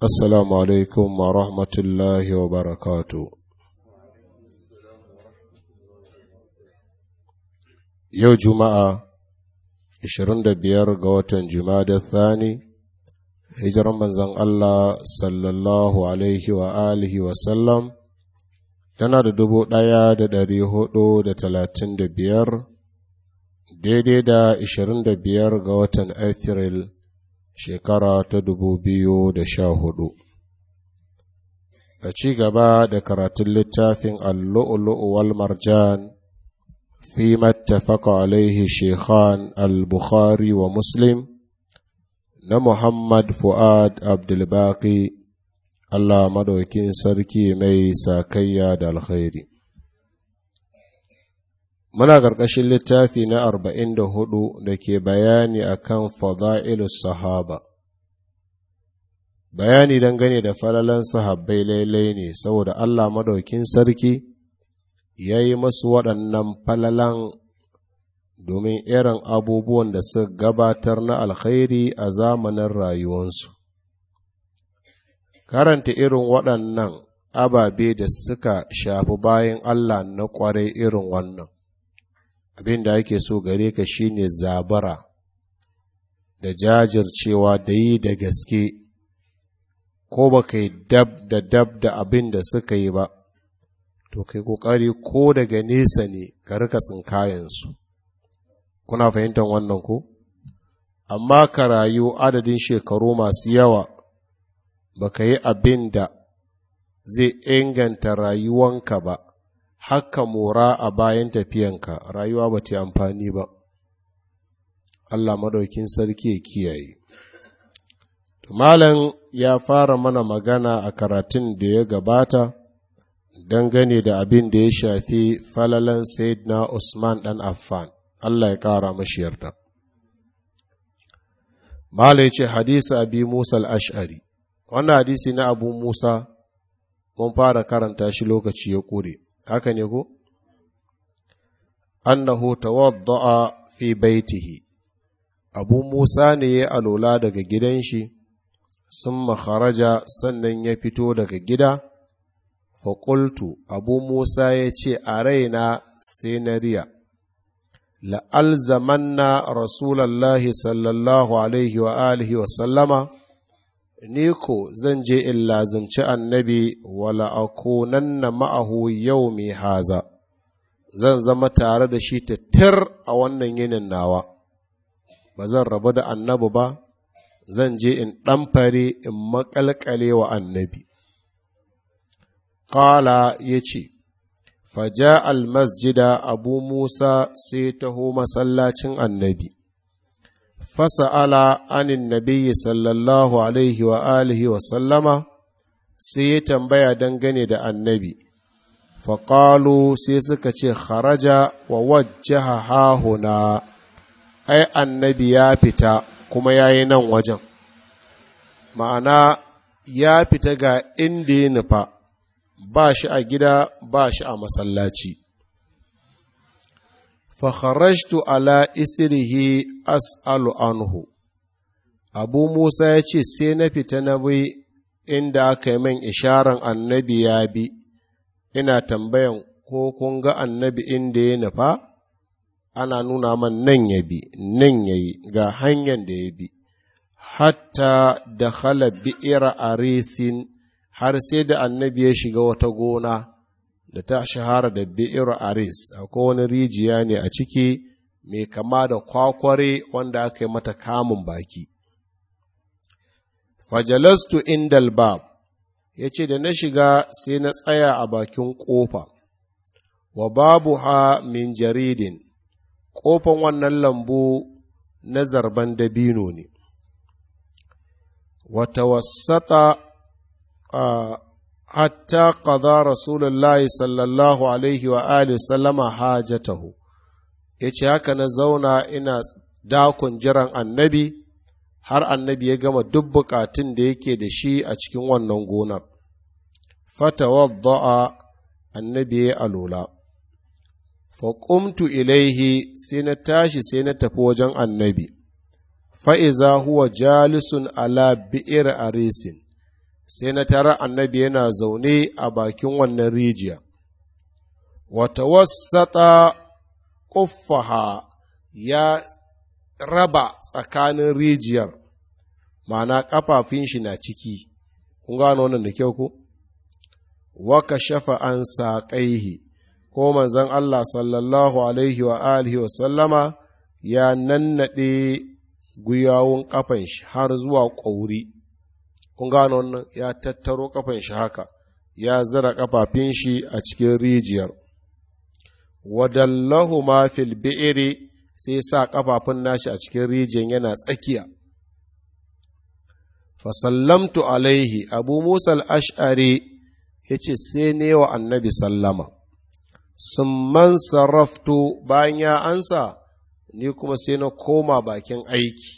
Assalamu alaikum wa rahmatullahi wa barakatu. Yau Juma'a, 25 ga watan Juma'a Thani, hijiran manzan Allah sallallahu alaihi wa alihi wa sallam, tana da dubu ɗaya da ɗari hudu da talatin da biyar, daidai da 25 ga watan Afril shekara ta dubu biyu da sha hudu. a ci gaba da karatun littafin allu'ulu'u wal fi mattafaka alaihi shekhan al-bukhari wa muslim na muhammad fu'ad abdulbaki allah madaukin sarki mai sakayya da alkhairi muna ƙarƙashin littafi na arba'in da hudu da ke bayani akan Fadailu sahaba bayani dangane da falalan sahabbai lailai ne saboda Allah madaukin sarki ya yi masu waɗannan falalan domin irin abubuwan da suka gabatar na alkhairi a zamanin rayuwansu karanta irin waɗannan ababe da suka shafi bayan Allah na ƙwarai irin wannan abin da ake so gare ka shine zabara da jajircewa da yi da gaske ko ba ka yi dab da dab da abin da suka yi ba to kai kokari ko daga nesa ne ka rika tsinkayensu kuna fahimtar wannan ko amma ka rayu adadin shekaru masu yawa ba ka yi abin da zai inganta rayuwanka ba haka mora a bayan tafiyanka rayuwa ba ta amfani ba Allah madaukin sarki ya kiyaye malam ya fara mana magana a karatun da ya gabata dangane da abin da ya shafi falalan na Usman ɗan Affan, Allah ya ƙara mashi yarda. Mala ya ce hadisi abi Musa al-Ash'ari, wannan hadisi na abu Musa mun fara karanta shi lokaci ya ƙure. haka ne ko annahu tawadda'a fi baitihi abu musa ne ya alola daga gidan shi sun makaraja sannan ya fito daga gida faƙultu abu musa ya ce a raina sai na riya la'alzamanna Rasulallah sallallahu alaihi wa alihi wa sallama ni ko zan je in lazimci annabi wala konanna ma'ahu yau mai haza zan zama tare da shi tattar a wannan yinin nawa ba zan rabu da annabi ba zan je in ɗamfare in maƙalƙale wa annabi ƙala ya ce faja almasjida abu musa sai taho masallacin annabi fasa'ala anin nabiyyi sallallahu alaihi wa alihi wa sallama sai ya tambaya dangane da annabi faƙalu sai suka ce kharaja wa wajaha hahuna ai annabi ya fita kuma ya yi nan wajen ma'ana ya fita ga inda ya nufa ba shi a gida ba shi a masallaci fakharajtu ala isrihi as'alu anhu abu musa ya ce sai na fita na bi inda aka yi min isharan annabi ya bi ina tambayan ko kun ga annabi inda ya nufa ana nuna man nan ya bi nan ya yi ga hanyar da ya bi hatta da bi'ira a resin har sai da annabi ya shiga wata gona da ta shahara da bi'ir aris akwai wani rijiya ne a ciki mai kama da kwakware wanda aka yi mata kamun baki fajalastu indal bab ya ce da na shiga sai na tsaya a bakin kofa wa babu ha min jaridin ƙofan wannan lambu na zarban dabino ne wata wasata ah, hatta qada rasulullahi sallallahu alaihi wa alihi sallama hajatahu yace haka na zauna ina dakon jiran annabi har annabi ya gama duk bukatun da yake da shi a cikin wannan gonar fatawadda'a annabi ya alula faƙumtu ilaihi sai na tashi sai na tafi wajen annabi fa'iza huwa jalisun ala bi'ir arisin sai na tara annabi yana zaune a bakin wannan rijiya wata wasata ƙuffaha ya raba tsakanin rijiyar ma'ana ƙafafin shi na ciki kun gano wannan da kyau ku waka shafa an saƙaihi ko manzon Allah sallallahu alaihi wa alihi wa sallama ya nannaɗe guyawun ƙafan shi har zuwa ƙauri kun gano wannan ya tattaro kafan shi haka ya zara kafafin shi a cikin rijiyar wadallahu ma fil bi'iri sai sa kafafun nashi a cikin rijiyar yana tsakiya fasallamtu alaihi abu musa al'ash'ari ya ce sai ne wa annabi sallama sun man bayan ya ansa ni kuma sai na koma bakin aiki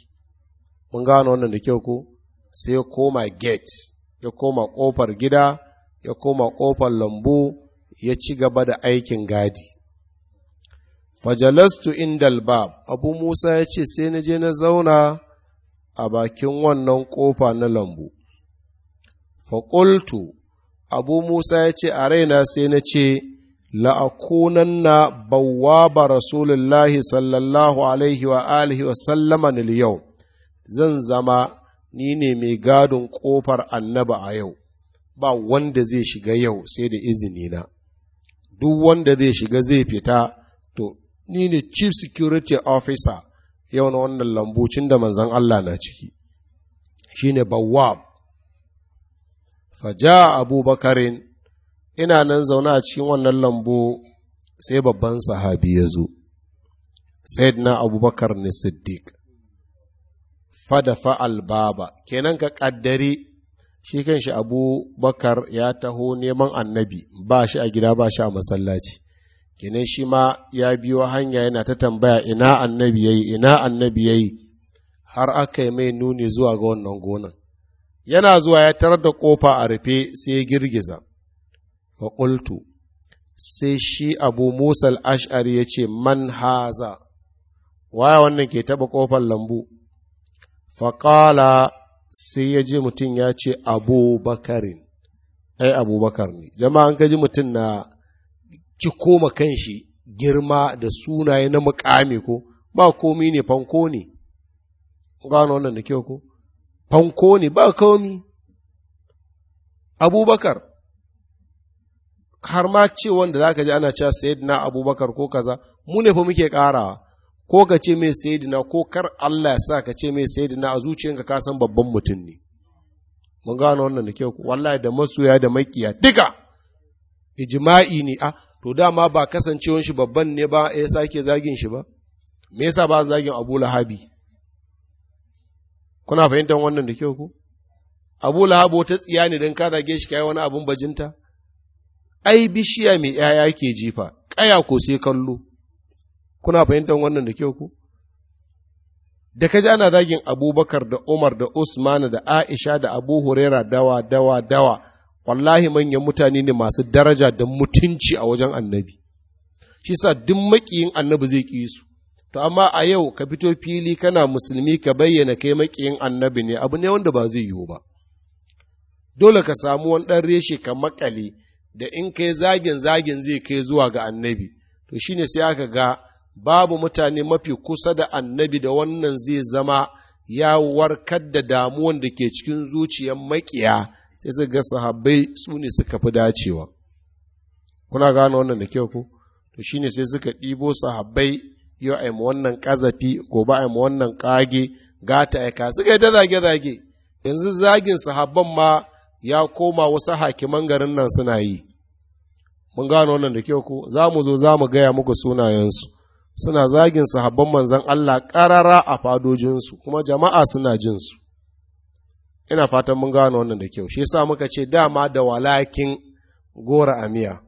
mun gano wannan da kyau ko sai ya koma gate ya koma kofar gida ya koma kofar lambu ya ci gaba da aikin gadi fajalastu indal bab abu musa ya ce sai na je na zauna a bakin wannan kofa na lambu faƙultu abu musa ya ce a raina sai na ce na la'akunanna ba rasulullahi sallallahu alaihi wa alihi wa sallama yau zan zama ni ne mai gadon ƙofar annaba a yau, ba wanda zai shiga yau sai da izini na, duk wanda zai shiga zai fita, to, ni ne Chief Security Officer yau na wannan lambocin da manzan Allah na ciki, shi ne Bawab. Faja abubakar ina nan zaune a cikin wannan lambu sai babban sahabi ya zo, na Abubakar ne Siddiq. fadafa albaba kenan ka ƙaddari shi kanshi abu bakar ya taho neman annabi ba shi a gida ba shi a masallaci kenan shi ma ya biyo hanya yana ta tambaya ina annabi yayi ina annabi yayi har aka yi mai nuni zuwa ga wannan gonan yana zuwa ya tarar da kofa a rufe sai ya girgiza faƙultu sai shi abu musa al'ash'ari ya ce man haza waya wannan ke taɓa ƙofar lambu faƙala sai ya ji mutum ya ce abubakarin ai abubakar ne jama'a an ji mutum na cikoma koma shi girma da sunaye na mukami ko ba komi ne fanko ne gano wannan da kyau ko fanko ne ba komi abubakar har ma ce wanda za ka ji ana cewa sayyidina abubakar ko kaza mu ne fa muke ƙarawa ko ka ce mai sayidina ko kar Allah ya sa ka ce mai sayidina a zuciyanka ka san babban mutum ne mun gano wannan da kyau wallahi da masoya da makiya duka ijma'i ne a ah, to dama ba kasancewan shi babban ne ba ya sake zagin shi ba me yasa ba zagin Abu Lahabi kuna fahimtar wannan da kyau ko Abu Lahabi ta tsiya ne dan ka zage shi kai wani abun bajinta ai bishiya mai yaya ke jifa kaya ko sai kallo kuna fahimtar wannan da kyau ku da kaji ana zagin abubakar da umar da usman da aisha da abu huraira dawa dawa dawa wallahi manyan mutane ne masu daraja da mutunci a wajen annabi shi sa duk makiyin annabi zai ƙi su to amma a yau ka fito fili kana musulmi ka bayyana kai makiyin annabi ne abu ne wanda ba zai yiwu ba dole ka samu wani ɗan reshe ka makale da in kai zagin zagin zai kai zuwa ga annabi to shine sai aka ga babu mutane mafi kusa da annabi da wannan zai zama ya warkar da damuwan da ke cikin zuciyar maƙiya sai su ga sahabbai su ne suka fi dacewa kuna gano wannan da kyau ko to shine sai suka ɗibo sahabbai yau a wannan ƙazafi gobe a wannan ƙage gata aika suka yi ta zage-zage yanzu zagin sahabban ma ya koma wasu hakiman garin nan suna yi mun gano wannan da kyau ko za mu zo za mu gaya muku sunayensu suna zagin sahabban manzan Allah ƙarara a fadojinsu kuma jama'a suna jinsu ina fatan mun gano wannan da kyau shi yasa muka ce dama da walakin gora miya.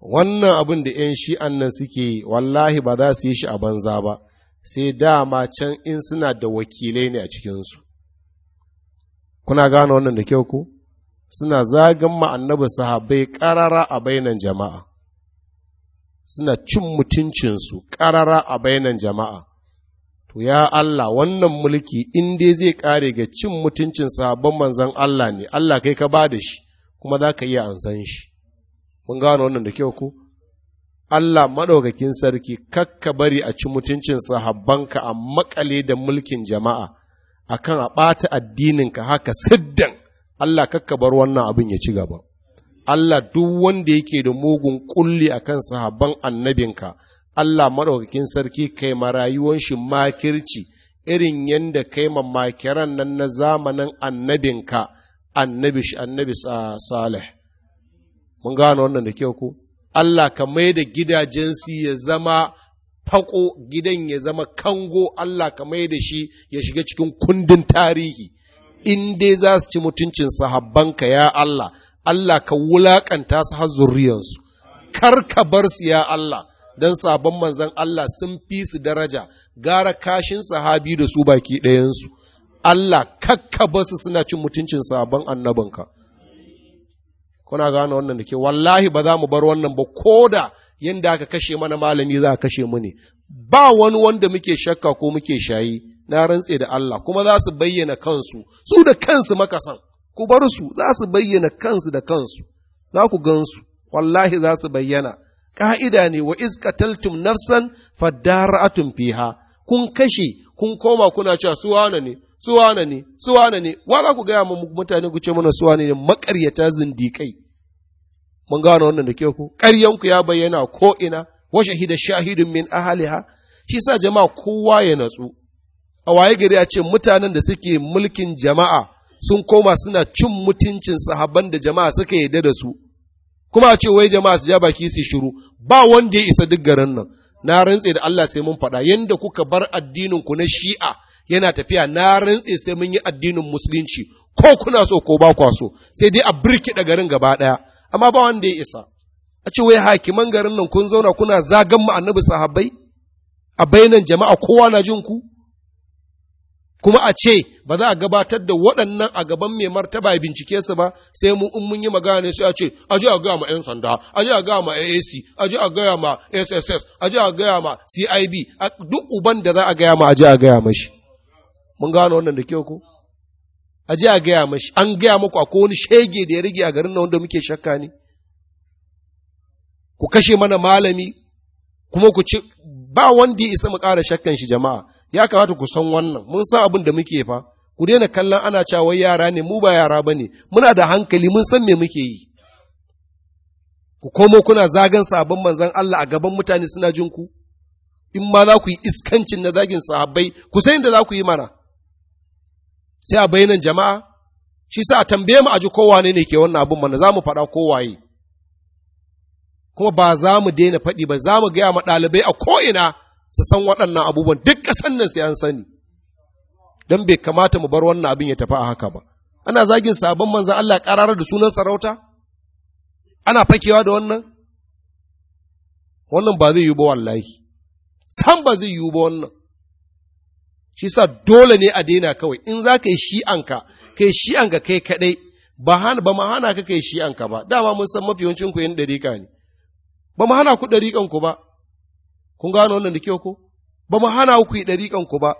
wannan abin da 'yan shi'an nan suke wallahi ba za su yi shi a banza ba sai dama can in suna da wakilai ne a cikinsu kuna gano wannan da kyau ku suna zagin ma'annabi sahabbai ƙarara a bainan jama'a suna cin mutuncinsu ƙarara a bainan jama'a to ya Allah wannan mulki in dai zai ƙare ga cin mutuncin sabon manzan Allah ne Allah kai ka ba da shi kuma za ka iya ansan shi mun gano wannan da kyau ko Allah maɗaukakin sarki kakka bari a ci mutuncin sahabbanka a makale da mulkin jama'a akan a ɓata addininka haka siddan Allah kakka bar wannan abin ya ci gaba Allah duk wanda yake da mugun kulli akan sahabban annabinka Allah maɗaukakin sarki kai marayuwan shi makirci irin yadda kai ma makiran nan na zamanin annabinka annabi shi annabi salih mun gano wannan da kyau ko Allah ka mai da gidajensu ya zama fako gidan ya zama kango Allah ka mai da shi ya shiga cikin kundin tarihi in dai za su ci mutuncin sahabbanka ya Allah Allah ka wulaƙanta su har zurriyansu, kar ka bar su ya Allah, don sabon manzan Allah sun fi su daraja, gara kashin sahabi da su baki ɗayansu. Allah kakka bar su suna cin mutuncin sabon annabinka. Kuna gane wannan da ke, wallahi ba za mu bar wannan ba, ko da yadda aka kashe mana malami za a kashe mu ne. Ba wani wanda muke shakka ko muke shayi, na rantse da Allah, kuma za su bayyana kansu, su da kansu makasan. ku bar su za su bayyana kansu da kansu za ku gansu wallahi za su bayyana ka'ida ne wa iska taltum nafsan fadara'atun fiha kun kashe kun koma kuna cewa su wane ne su wane ne su wane ne wa za ku gaya mutane ku ce mana su wane ne makaryata zindikai mun gano wannan da ke ku ƙaryanku ya bayyana ko ina wa shahida shahidun min ahaliha shi sa jama'a kowa ya natsu a waye gari a ce mutanen da suke mulkin jama'a sun koma suna cin mutuncin sahabban da jama'a suka yarda da su kuma a ce wai jama'a su ja baki su shiru ba wanda ya isa duk garin nan na rantse da Allah sai mun faɗa yanda kuka bar addinin ku na shi'a yana tafiya na rantse sai mun yi addinin musulunci ko kuna so ko ba kwa so sai dai a da garin gaba daya amma ba wanda ya isa a ce wai hakiman garin nan kun zauna kuna zagan mu annabi sahabbai a bainan jama'a kowa na jin ku kuma a ce ba za a gabatar da waɗannan a gaban mai martaba bincike su ba sai mu in mun yi magana ne sai a ce a je a gaya ma 'yan sanda a je a gaya ma AAC a je a gaya ma SSS a je a gaya ma CIB duk uban da za a gaya ma a je a gaya mashi mun gano wannan da kyau ko a je a gaya mashi an gaya muku a wani shege da ya rage a garin nan wanda muke shakka ne ku kashe mana malami kuma ku ci ba wanda ya isa mu ƙara shakkan shi jama'a ya kamata ku san wannan mun san abin da muke fa ku daina kallon ana cewa yara ne mu ba yara ba ne muna da hankali mun san me muke yi ku komo kuna zagan sabon manzan Allah a gaban mutane suna jin ku in ma za ku yi iskancin na zagin sahabbai ku sai inda za ku yi mana sai a bayanan jama'a shi sa a tambaye mu a ji ne ne ke wannan abin mana za mu faɗa kowaye kuma ba za mu daina faɗi ba za mu gaya ma ɗalibai a ko'ina su san waɗannan abubuwan duk ƙasan nan sai an sani don bai kamata mu bar wannan abin ya tafi a haka ba ana zagin sabon manzan Allah ƙararar da sunan sarauta ana fakewa da wannan wannan ba zai yi ba wallahi san ba zai yi ba wannan shi sa dole ne a daina kawai in za ka yi shi'anka kai shi'anka kai kadai ba ba ma hana ka kai shi'anka ba dama mun san mafi yawancin ku yin dariƙa ne ba ma hana ku dariƙan ku ba kun gano wannan da kyau ko ba mu hana ku yi dariƙan ku ba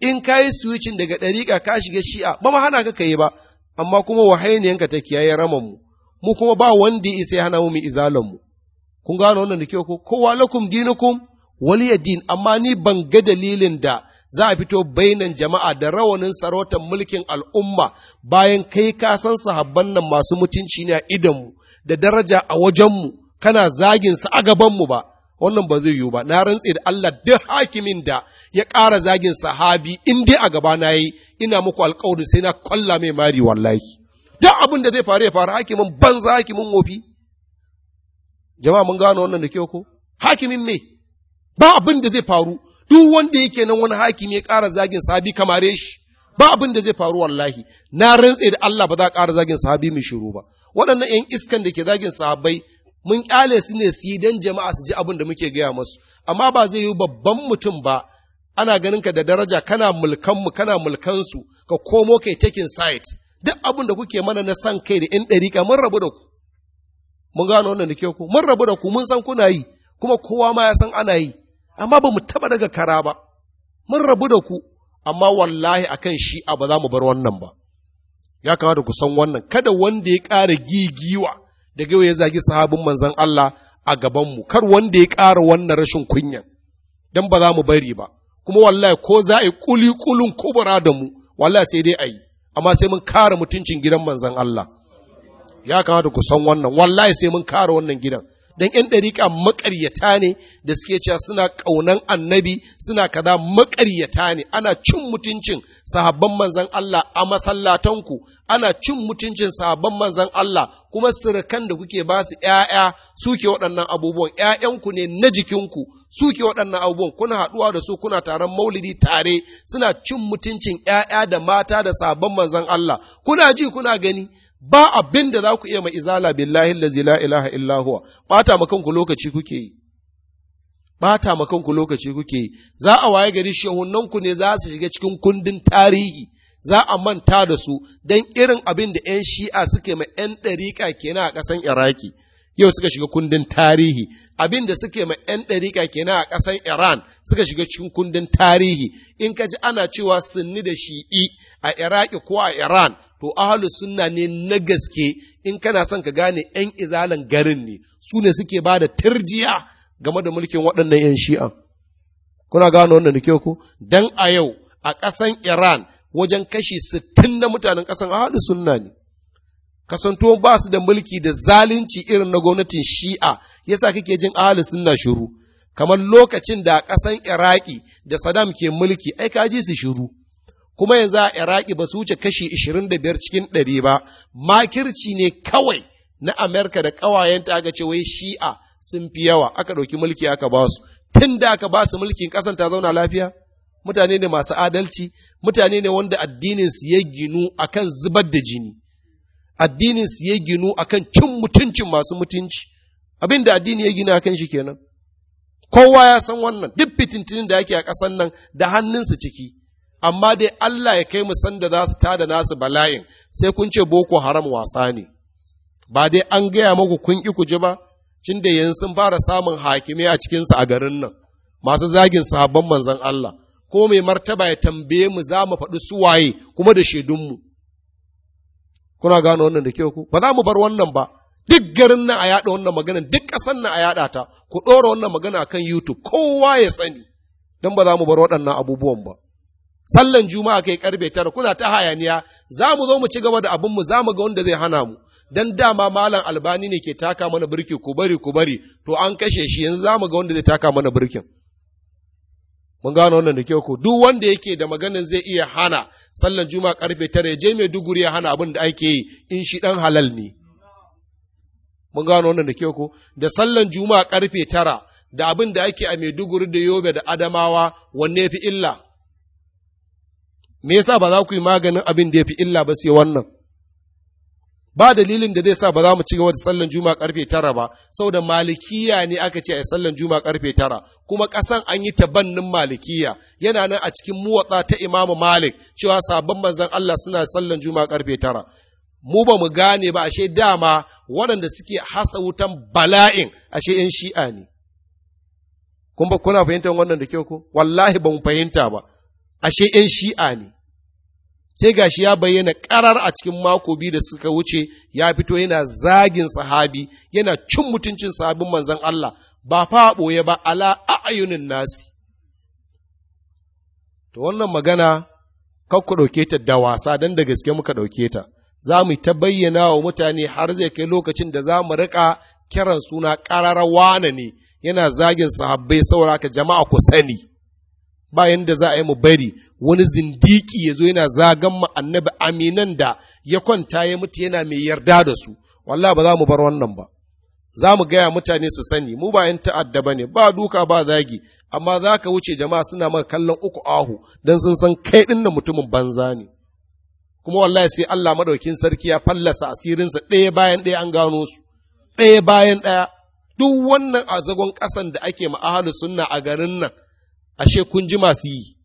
in ka yi switchin daga ɗariƙa ka shiga shi'a ba mu hana ka yi ba amma kuma yanka ta kiyaye raman mu mu kuma ba wanda ya isa hana mu mu izalan mu kun gano wannan da kyau ko kowa lakum dinukum waliyadin amma ni ban ga dalilin da za a fito bainan jama'a da rawanin sarautar mulkin al'umma bayan kai ka san sahabban nan masu mutunci ne a idonmu da daraja a wajenmu kana zagin su a gabanmu ba wannan ba zai yiwu ba na rantse da Allah duk hakimin da ya ƙara zagin sahabi in dai a gaba na yi ina muku alƙawari sai na kwalla mai mari wallahi duk abin da zai faru ya faru hakimin banza hakimin wofi jama'a mun gano wannan da kyau ko hakimin me ba abin da zai faru duk wanda yake nan wani hakimi ya ƙara zagin sahabi kamare shi ba abin da zai faru wallahi na rantse da Allah ba za a ƙara zagin sahabi mai shiru ba waɗannan 'yan iskan da ke zagin sahabbai mun kyale su ne su yi don jama'a su ji abin da muke gaya masu amma ba zai yi babban mutum ba ana ganin ka da daraja kana mulkanmu kana mulkansu ka komo kai taking site, duk abin da kuke mana na san kai da 'yan ɗariƙa mun rabu da ku mun gano wannan da ke ku mun rabu da ku mun san kuna yi kuma kowa ma ya san ana yi amma ba mu taɓa daga kara ba mun rabu da ku amma wallahi akan shi ba za mu bar wannan ba ya kamata ku san wannan kada wanda ya ƙara gigiwa daga yau ya zagi sahabin manzon Allah a gabanmu kar wanda ya ƙara wannan rashin kunya don ba za mu bari ba kuma wallahi ko za a yi kuli kulun kubura da mu wallahi sai dai a yi amma sai mun kara mutuncin gidan manzon Allah ya kamata ku san wannan wallahi sai mun kara wannan gidan don ‘yan ɗariƙa maƙaryata ne da suke cewa suna ƙaunan annabi suna kaza maƙaryata ne ana cin mutuncin sahabban manzan Allah a masallatan ku. ana cin mutuncin sahabban manzan Allah kuma sirikan da kuke ba su ‘ya'ya suke waɗannan abubuwan ‘ya'yanku ne na jikinku suke waɗannan abubuwan kuna haɗuwa da su kuna taron maulidi tare suna cin mutuncin ‘ya'ya da mata da sahabban manzan Allah kuna ji kuna gani ba abin da za ku iya ma'izala billahi lazi la ilaha illahuwa ɓata ku lokaci kuke yi ɓata ku lokaci kuke yi za a waye gari ku ne za su shiga cikin kundin tarihi za a manta da su don irin abin da 'yan shi'a suke ma 'yan ɗariƙa kenan a ƙasan iraki yau suka shiga kundin tarihi abin da suke ma 'yan ɗariƙa kenan a ƙasan iran suka shiga cikin kundin tarihi in ka ji ana cewa sunni da shi'i a iraki ko a iran to ahalus sunna ne na gaske in kana son ka gane yan izalan garin ne su ne suke ba da tarjiya game da mulkin waɗannan yan shi'an kuna gano wannan da kyau ku? dan a yau a ƙasan Iran wajen kashi sittin na mutanen ƙasan ahalus sunna ne kasanto ba su da mulki da zalunci irin na gwamnatin shi'a yasa kake jin ahalus sunna shiru kamar lokacin da ƙasan iraki da saddam ke mulki ai ka ji su shiru kuma yanzu a iraki ba su wuce kashi 25 cikin 100 ba makirci ne kawai na amerika da ƙawayenta aka ce wai shi'a sun fi yawa aka ɗauki mulki aka ba su tun da aka ba su mulkin ƙasan ta zauna lafiya mutane ne masu adalci mutane ne wanda addinin su ya ginu akan zubar da jini addinin su ya ginu akan cin mutuncin masu mutunci abin da addini ya gina akan shi kenan kowa ya san wannan duk fitintinin da ake a ƙasan nan da hannunsu ciki amma dai Allah ya kai mu sanda za su tada nasu bala'in sai kun ce boko haram wasa ne ba dai an gaya maku kun ki kuji ba cin da yanzu sun fara samun hakimi a su a garin nan masu zagin sahabban manzon Allah ko mai martaba ya tambaye mu za mu faɗi suwaye kuma da shaidunmu kuna gano wannan da kyau ku ba za mu bar wannan ba duk garin nan a yaɗa wannan magana duk ƙasan nan a yada ta ku ɗora wannan magana kan YouTube kowa ya sani don ba za mu bar waɗannan abubuwan ba sallan juma'a kai karbe tara kuna ta hayaniya za mu zo mu ci gaba da abinmu mu za mu ga wanda zai hana mu dan dama malam albani ne ke taka mana birki ku bari ku bari to an kashe shi yanzu za mu ga wanda zai taka mana birkin mun gano wannan da kyau ku. duk wanda yake da maganin zai iya hana sallan juma'a karfe tara ya je mai duguri ya hana abin da ake yi in shi dan halal ne mun gano wannan da kyau ku. da sallan juma'a karfe tara da abin da ake a maiduguri da yobe da adamawa wanne ya fi illa me yasa ba za ku yi maganin abin da ya fi illa ba sai wannan ba dalilin da zai sa ba za mu ci gaba da sallan juma karfe tara ba saboda malikiya ne aka ce a sallan juma karfe tara kuma kasan an yi tabannin malikiya yana nan a cikin muwatsa ta imamu malik cewa sabon manzan Allah suna sallan juma karfe tara mu ba mu gane ba ashe dama waɗanda suke hasa wutan bala'in ashe yan shi'a ne kun ba kuna fahimtar wannan da kyau ko wallahi ba fahimta ba ashe ‘yan shi'a ne, sai gashi ya bayyana ƙarar a cikin mako biyu da suka wuce ya fito yana zagin sahabi, yana cin mutuncin sahabin manzan Allah, ba fa ɓoye ba ala a'ayunin nasi. To wannan magana, kan ku ɗauke ta da wasa don da gaske muka ɗauke ta, za mu ta bayyana wa mutane har zai kai lokacin da za mu riƙa kiran suna ƙararrawa ne, yana zagin sahabbai ka jama'a ku sani. ba yadda za a yi mu bari wani zindiki ya zo yana zagan mu annabi aminan da ya kwanta ya mutu yana mai yarda da su wallah ba za mu bar wannan ba za mu gaya mutane su sani mu ba yan ta'adda ba ne ba duka ba zagi amma za ka wuce jama'a suna maka kallon uku ahu don sun san kai ɗin na mutumin banza ne kuma wallahi sai Allah madaukin sarki ya fallasa asirinsa ɗaya bayan ɗaya an gano su ɗaya bayan ɗaya duk wannan a zagon ƙasan da ake ma ahalu sunna a garin nan ashe kun ji masu yi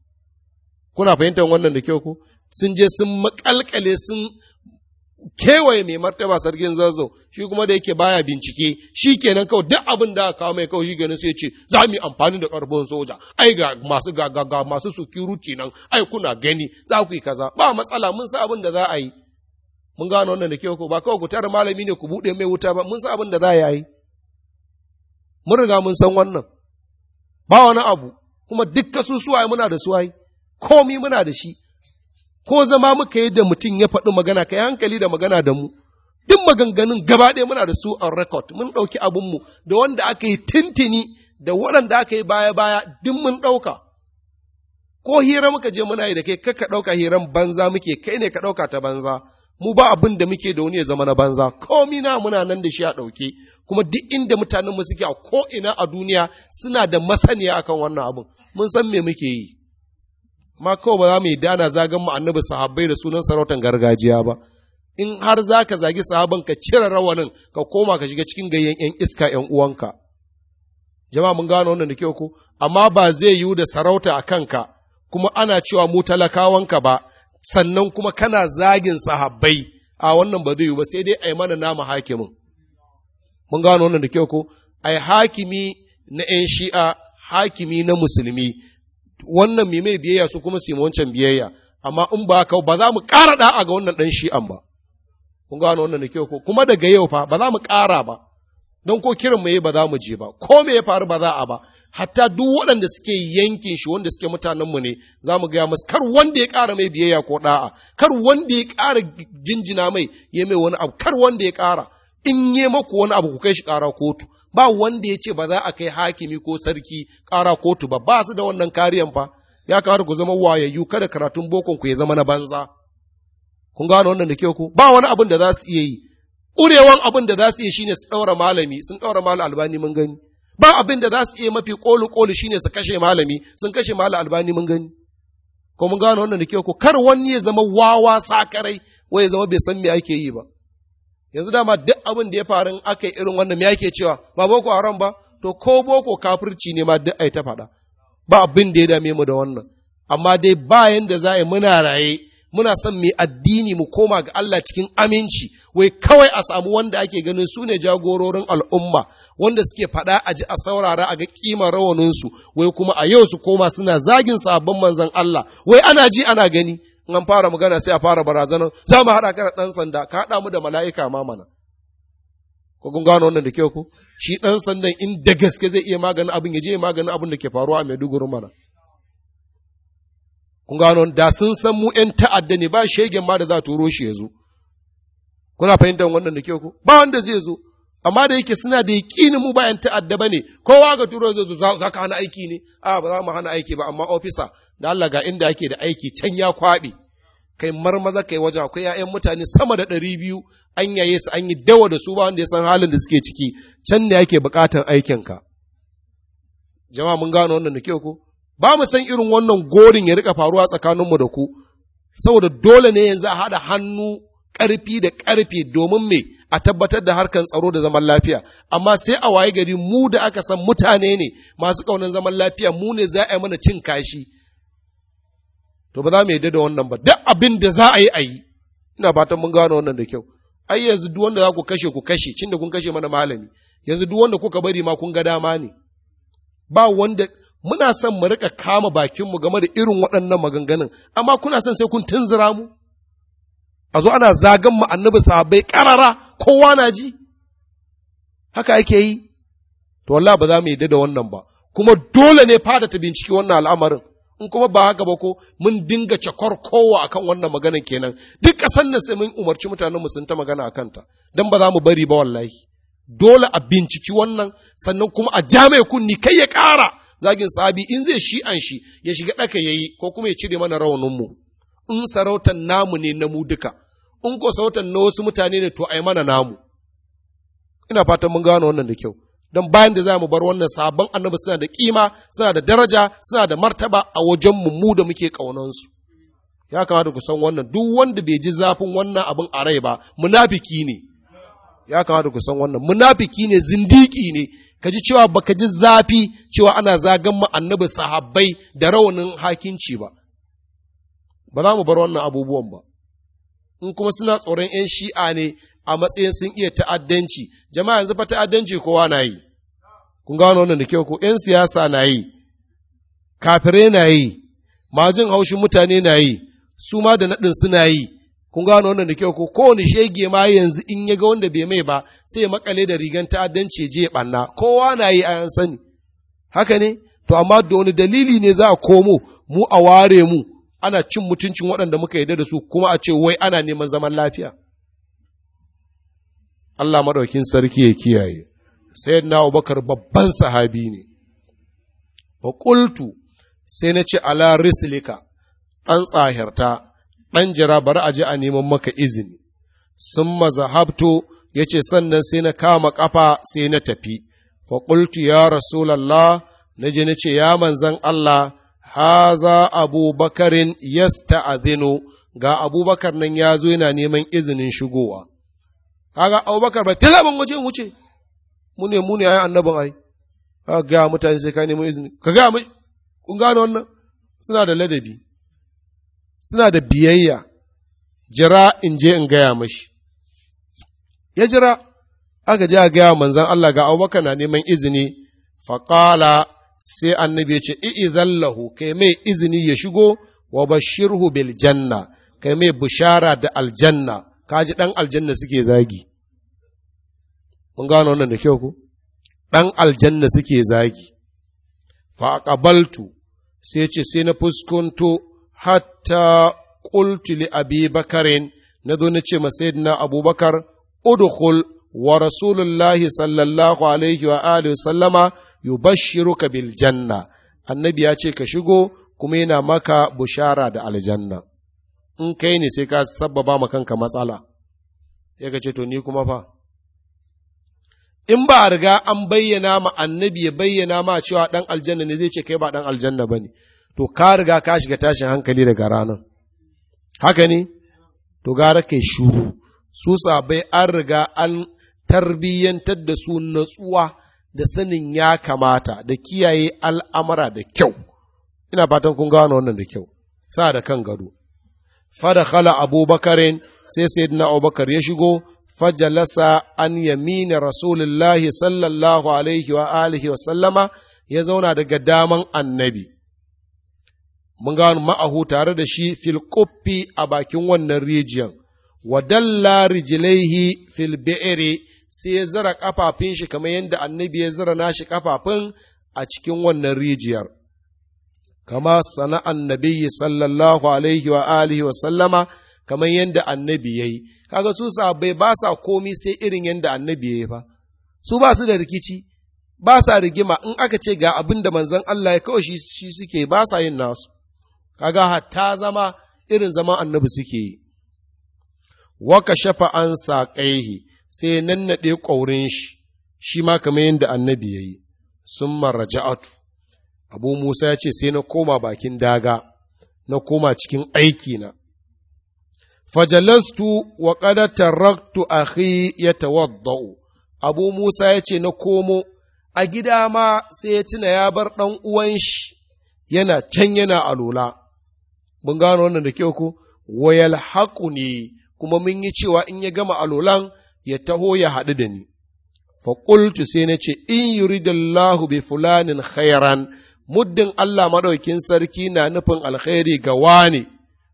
kuna fahimtar wannan da kyau ku sun je sun makalkale sun kewaye mai martaba sarkin zazzau shi kuma da yake baya bincike shi kenan kawai duk abin da kawo mai kawai shi kenan sai ce za mu yi amfani da ƙarfin soja ai ga masu gagaga masu security nan ai kuna gani za ku yi kaza ba matsala mun sa abin da za a yi mun gano wannan da ke ko ba kawai ku tara malami ne ku buɗe mai wuta ba mun sa abin da za a yi mun riga mun san wannan ba wani abu kuma duk suwaye muna da suwaye komi muna da shi ko zama muka yi da mutum ya faɗi magana ka yi hankali da magana da mu duk maganganun gaba ɗaya muna da su on record mun ɗauki mu da wanda aka yi tintini da waɗanda aka yi baya-baya duk mun ɗauka ko hira muka je muna yi da kai ka ɗauka hiran banza muke kai ne ka ɗauka ta banza mu ba abin da muke da wani ya zama na banza komi na muna nan da shi a ɗauke kuma duk inda mutanen mu suke a ko ina a duniya suna da masaniya akan wannan abin mun san me muke yi ma kawai ba za mu yi dana zagan mu annabi sahabbai da sunan sarautar gargajiya ba in har za ka zagi sahaban ka cire rawanin ka koma ka shiga cikin gayyan yan iska yan uwanka jama'a mun gano wannan da kyau ko amma ba zai yiwu da sarauta a kanka kuma ana cewa mu talakawanka ba sannan kuma kana zagin sahabbai a wannan ba zai yi ba sai dai ai mana nama hakimin mun gano wannan da kyau ko ai hakimi na yan shi'a hakimi na musulmi wannan mai mai biyayya su kuma su wancan biyayya amma in ba ka, ba za mu ƙara da'a ga wannan ɗan shi'an ba Mun gano wannan da kyau ko kuma daga yau fa ba za mu ƙara ba don ko kiran mu yi ba za mu je ba ko me ya faru ba za a ba hatta duk waɗanda suke yankin shi wanda suke mutanenmu ne za mu gaya masu kar wanda ya ƙara mai biyayya ko ɗa'a kar wanda ya ƙara jinjina mai ya mai wani abu kar wanda ya ƙara in yi maku wani abu ku kai shi ƙara kotu ba wanda ya ce ba za a kai hakimi ko sarki ƙara kotu ba ba su da wannan kariyan fa ya kamata ku zama wayayyu kada karatun bokon ku ya zama na banza kun gano wannan da kyau ku ba wani abin da za su iya yi ƙurewan abin da za su iya shine su ɗaura malami sun ɗaura malami albani mun gani ba abin da za su iya mafi kolu kolu shine su kashe malami sun kashe malam albani mun gani ko mun gano wannan da ke ko kar wani ya zama wawa sakarai wai ya zama bai san me ake yi ba yanzu dama duk abin da ya faru aka yi irin wannan me ake cewa ba boko haram ba to ko boko kafirci ne ma duk ai ta faɗa ba abin da ya dame mu da wannan amma dai bayan da za a yi muna raye muna son mai addini mu koma ga Allah cikin aminci wai kawai a samu wanda ake ganin su ne jagororin al'umma wanda suke faɗa a ji a saurara a ga ƙima rawaninsu wai kuma a yau su koma suna zagin sabon manzan Allah wai ana ji ana gani in an fara magana sai a fara barazanar za mu haɗa ka da ɗan sanda ka haɗa mu da mala'ika ma mana ko kun gano wannan da kyau ku shi ɗan sandan in da gaske zai iya maganin abin ya je maganin abin da ke faruwa a Maiduguri mana kun gano da sun san mu ‘yan ta'adda ne ba shegen ma da za turo shi ya zo kuna fahimtar wannan da ke ku ba wanda zai zo amma da yake suna da yaƙinin mu ba ‘yan ta'adda ba kowa ga turo zai zo za ka hana aiki ne a ba za mu hana aiki ba amma ofisa da Allah ga inda ake da aiki can ya kwabe kai marmaza kai wajen akwai ‘ya'yan mutane sama da ɗari biyu an yaye su an yi dawa da su ba wanda ya san halin da suke ciki can ne ake buƙatar aikinka jama'a mun gano wannan da ke ku. ba mu san irin wannan gorin ya rika faruwa tsakaninmu da ku saboda dole ne yanzu a haɗa hannu ƙarfi da ƙarfe domin me a tabbatar da harkar tsaro da zaman lafiya amma sai a waye gari mu da aka san mutane ne masu ƙaunar zaman lafiya mu ne za a yi mana cin kashi to ba za mu yi da wannan ba duk abin da za a yi a yi ina fatan mun gano wannan da kyau ai yanzu duk wanda za ku kashe ku kashe cin da kun kashe mana malami yanzu duk wanda kuka bari ma kun ga dama ne ba wanda muna son mu rika kama bakinmu game da irin waɗannan maganganun amma kuna son sai kun tunzura mu a zo ana zagan mu annabi sahabbai karara kowa na ji haka ake yi to wallahi ba za mu yadda da wannan ba kuma dole ne fada ta binciki wannan al'amarin in kuma ba haka ba ko mun dinga cakwar kowa akan wannan maganan kenan duk ƙasar nan sai mun umarci mutanenmu sun ta magana akan ta dan ba za mu bari ba wallahi dole a binciki wannan sannan kuma a jame kunni kai ya ƙara zagin sahabi in zai shi an shi ya shiga ɗaka ya yi ko kuma ya cire mana mu in sarautan namu ne na mu duka in ko sarautan na wasu mutane ne to ai mana namu ina fatan mun gano wannan da kyau don bayan da za mu bar wannan sabon annabi suna da kima suna da daraja suna da martaba a wajen mu mu da muke ƙaunansu ya kamata ku san wannan duk wanda bai ji zafin wannan abin a rai ba munafiki ne ya kamata ku san wannan munafiki ne zindiki ne ka ji cewa baka ji zafi cewa ana zagan mu annabi sahabbai da rawanin hakinci ba ba za mu bar wannan abubuwan ba in kuma suna tsoron 'yan shi'a ne a matsayin sun iya ta'addanci jama'a yanzu fa ta'addanci kowa na yi kun gano wannan da kyau ko 'yan siyasa na yi kafirai na yi majin haushin mutane na yi su ma da naɗin suna yi kun gano wannan da kyau ko kowane shege ma yanzu in ya ga wanda bai mai ba sai makale da rigan ta'addanci je banna kowa na yi a sani haka ne to amma da wani dalili ne za a komo mu a ware mu ana cin mutuncin waɗanda muka yarda da su kuma a ce wai ana neman zaman lafiya Allah madaukin sarki ya kiyaye sayyidina Abubakar babban sahabi ne wa qultu sai na ce ala rislika ɗan tsahirta ɗan jira bari a je a neman maka izini sun mazahabto ya ce sannan sai na kama ƙafa sai na tafi faƙultu ya rasulallah na je na ce ya manzan Allah haza abubakarin yasta'adhinu ga abubakar nan ya zo yana neman izinin shigowa kaga abubakar ba ta ban waje in wuce mu ne mu ne ayi annabin ai ka gaya mutane sai ka nemo izini ka gaya mu kun gane wannan suna da ladabi suna da biyayya jira in je in gaya mashi ya jira aka je a gaya manzan Allah ga abubakar na neman izini faƙala sai annabi ce i'i zallahu kai mai izini ya shigo wa bashirhu bil janna kai mai bushara da aljanna kaji ɗan aljanna suke zagi mun gano wannan da kyau ku ɗan aljanna suke zagi fa ƙabaltu sai ce sai na fuskonto. hatta qultu li abi bakarin na zo na ce ma sayyidina abubakar udkhul wa rasulullahi sallallahu alaihi wa alihi sallama yubashshiruka bil janna annabi ya ce ka shigo kuma yana maka bushara da aljanna in kai ne sai ka sabbaba ma kanka matsala ya ka ce to ni kuma fa in ba a riga an bayyana ma annabi ya bayyana ma cewa dan aljanna ne zai ce kai ba dan aljanna bane to ka riga ka shiga tashin hankali daga ranar haka ne to gara kai shuru su sabai an riga an tarbiyyantar da su natsuwa da sanin ya kamata da kiyaye al'amara da kyau ina fatan kun gano wannan da kyau sa da kan gado fada khala abubakarin sai sayyidina abubakar ya shigo fajalasa an yamina rasulullahi sallallahu alaihi wa alihi wa sallama ya zauna daga daman annabi mun gano ma'ahu tare da shi fil kuffi a bakin wannan rijiyar, wa dalla rijlaihi fil bi'ri sai ya zara kafafin shi kamar yadda annabi ya zara nashi kafafin a cikin wannan rijiyar kama sana nabiyyi sallallahu alaihi wa alihi wa sallama kamar yadda annabi yayi kaga su sahabbai ba sa komi sai irin yadda annabi yayi ba. su ba su da rikici ba sa rigima in aka ce ga abinda da manzon Allah ya kawo shi suke ba sa yin nasu kaga hatta zama irin zama annabi suke yi waka shafa an saƙaihi sai nannaɗe ƙaurin shi shi ma kamar yadda annabi ya yi sun maraja'atu abu musa ya ce sai na koma bakin daga na koma cikin aikina fajalastu wa qad taraktu akhi yatawaddau abu musa ya ce na komo a gida ma sai ya tuna ya bar ɗan uwan shi yana can yana alola mun gano wannan da kyau ku wayal haƙu ne kuma mun yi cewa in ya gama alolan ya taho ya haɗu da ni fa qultu sai na ce in yuridallahu bi fulanin khairan muddin Allah madaukin sarki na nufin alkhairi ga wani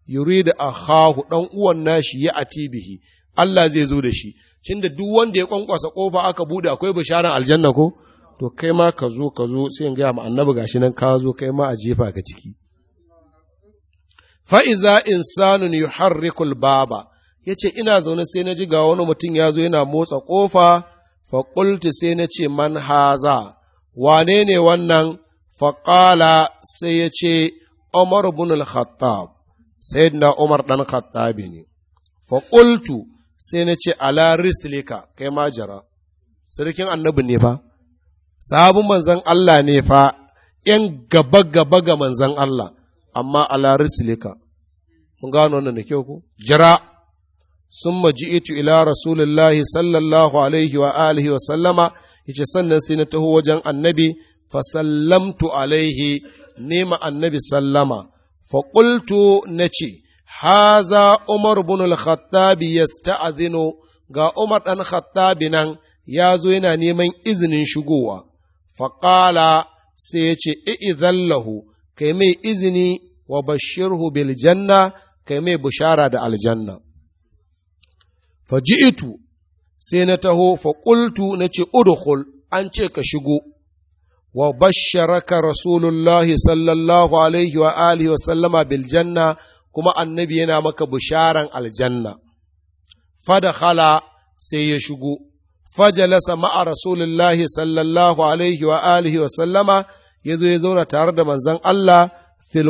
yurida akhahu dan uwan nashi ya atibihi Allah zai zo da shi shin da duk wanda ya kwankwasa kofa aka bude akwai bisharan aljanna ko to kai ma ka zo ka zo sai in ga ma annabi gashi nan ka zo kai ma a jefa ka ciki fa'iza in insanun yuharrikul baba ya ce ina zaune sai na ji ga wani mutum ya zo yana motsa ƙofa faƙultu sai na ce man haza wane ne wannan faƙala sai ya ce umar bin al-khattab na umar dan khattabi ne faƙultu sai na ce ala rislika kai ma jara sarkin annabi ne fa sabon manzan Allah ne fa ‘yan gaba-gaba ga manzan Allah, amma ala ka, mun gano wannan da kyau ku jira maji ji'itu ila rasulillahi sallallahu alaihi wa alihi wa sallama yace sannan sai na taho wajen annabi fa sallamtu alaihi nema annabi sallama fa ce. nace haza umar ibn al-khattab ga umar ɗan khattabi nan ya zo yana neman izinin shigowa fa ƙala sai yace i'idhallahu kai mai izini wa bashirhu bil janna kai mai bushara da aljanna faji'itu sai na taho fa nace udkhul an ce ka shigo wa basharaka rasulullahi sallallahu alaihi wa alihi wa sallama bil janna kuma annabi yana maka bisharan aljanna fadakhala sai ya shigo fajalasa ma'a rasulullahi sallallahu alaihi wa alihi wa sallama yazo ya zauna tare da manzon Allah fil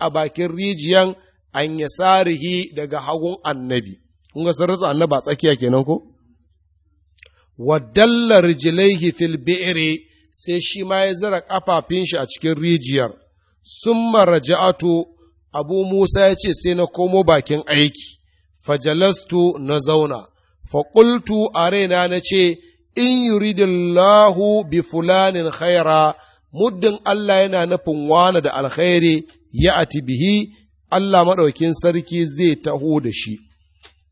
a bakin rijiyan an sarihi daga hagun annabi kun ga sarrafa annaba tsakiya kenan ko wadalla rijilaihi fil bi'ri sai shi ma ya zara kafafin shi a cikin rijiyar sun raja'atu abu musa ya ce sai na komo bakin aiki fajalastu na zauna faƙultu a raina na ce in yuridillahu bi fulanin khaira muddin Allah yana nufin wana da alkhairi ya ati bihi Allah maɗaukin sarki zai taho da shi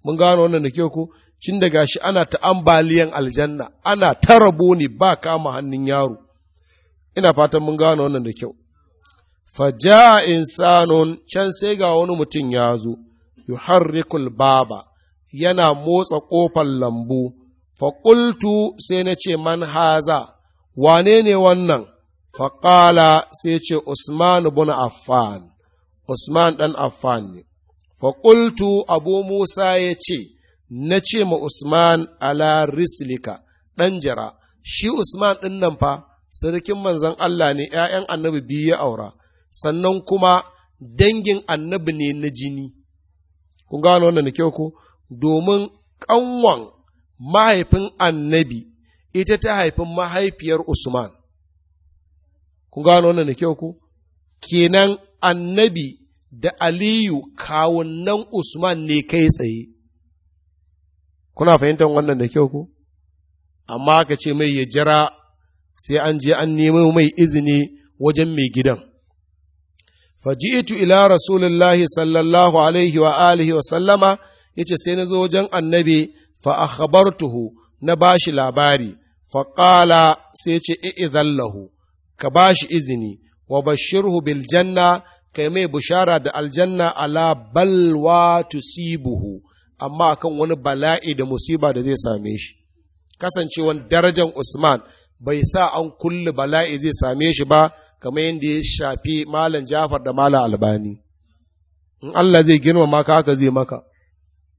mun gano wannan da kyau ku? shin da gashi ana ta ambaliyan aljanna ana ta rabo ne ba kama hannun yaro ina fatan mun gano wannan da kyau faja insanun can sai ga wani mutum ya zo yuharrikul baba yana motsa ƙofar lambu faƙultu sai na ce man haza wane ne wannan faƙala sai ce Usman bin Affan, Usman ɗan Affan ne, faƙultu abu Musa ya ce, Na ce ma Usman ala rislika ɗan jira, shi Usman ɗin nan fa, sarkin manzan Allah ne ’ya'yan annabi biyu ya aura, sannan kuma dangin annabi ne na jini. Ku gano wannan da kyau ko? Domin ƙanwan mahaifin annabi, ita ta haifin mahaifiyar Usman. Kun gano wannan da kyau ku? Kenan annabi da Aliyu kawunan Usman ne kai tsaye. Kuna fahimtar wannan da kyau ku? Amma ka ce mai ya jira sai an je an nemo mai izini wajen mai gidan. Faji'itu ila Rasulullahi sallallahu alaihi wa alihi wa sallama yace sai na zo wajen annabi fa akhbartuhu na bashi labari fa qala sai ce i'idhallahu ka ba shi izini wa bashirhu bil janna kai mai bushara da aljanna ala balwa tusibuhu amma akan wani bala'i da musiba da zai same shi kasancewan darajar Usman bai sa an kulle bala'i zai same shi ba kamar yadda ya shafi malam Jafar da malam Albani in Allah zai girmama maka haka zai maka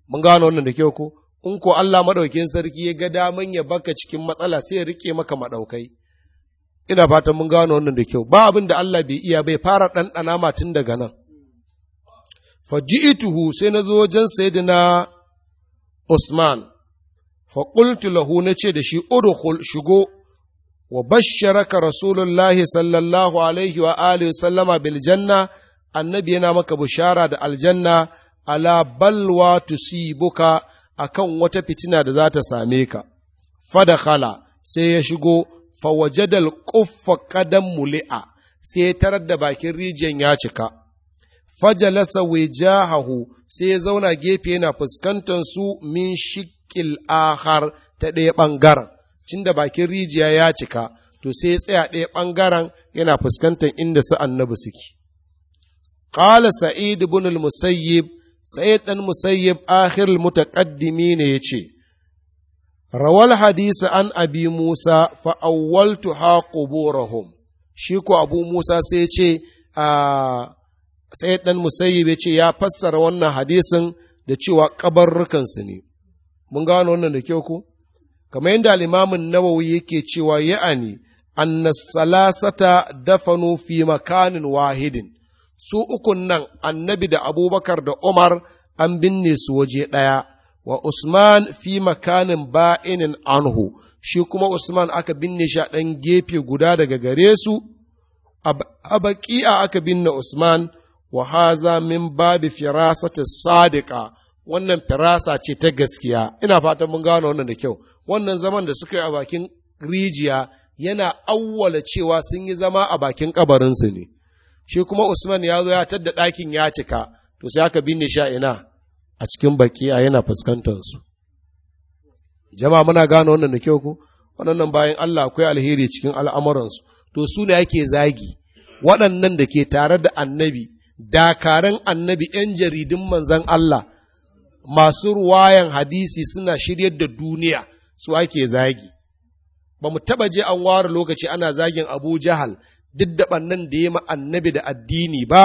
mun gano wannan da kyau ko in ko Allah madaukin sarki ya ga daman ya baka cikin matsala sai ya rike maka maɗaukai. ina fatan mun gano wannan da kyau ba abin da Allah bai iya bai fara ɗanɗana ma tun daga nan faji'ituhu sai na zo wajen sayyidina Usman fa qultu lahu nace da shi udkhul shigo wa basharaka rasulullahi sallallahu alaihi wa alihi sallama bil janna annabi yana maka bushara da aljanna ala balwa tusibuka akan wata fitina da za ta same ka fadakhala sai ya shigo fawajadal kuffa kadan muli'a sai ya tarar da bakin rijiyar ya cika fajalasa wajahahu sai ya zauna gefe yana fuskantar su min shikil ahar ta ɗaya ɓangaren cin da bakin rijiya ya cika to sai ya tsaya ɗaya ɓangaren yana fuskantar inda su annabi suke ƙala sa'id ibn al-musayyib sa'id dan musayyib akhir al-mutaqaddimi ne yace rawal hadisi an abi Musa fa'awwaltu ha quburahum shi ko abu Musa sai ce a sai ya ce ya fassara wannan hadisin da cewa kabarrukansu ne mun gano wannan da kyau ko kamar yadda limamin nawawi yake cewa ya'ani annasalasata salasata dafanu fi makanin wahidin su ukun nan annabi da abubakar da umar an binne su waje ɗaya wa Usman fi makanin ba'inin anhu shi kuma Usman aka binne shi a ɗan gefe guda daga gare su a baƙi'a aka binne Usman wa haza min babi ta sadiƙa, wannan firasa ce ta gaskiya ina fatan mun gano wannan da kyau wannan zaman da suka yi a bakin rijiya yana awwala cewa sun yi zama a bakin kabarinsu ne shi kuma Usman ya zo ya tadda ɗakin ya cika to sai aka binne shi a ina a cikin baki a yana fuskantar su jama'a muna gano wannan da kyau ko waɗannan bayan Allah akwai alheri cikin al'amuransu to su ne ake zagi waɗannan da ke tare da annabi dakaran annabi ‘yan jaridun manzan Allah masu ruwayan hadisi suna shiryar da duniya su ake zagi ba mu taɓa je an ware lokaci ana zagin abu jahal duk da ɓannan da ya ma annabi da addini ba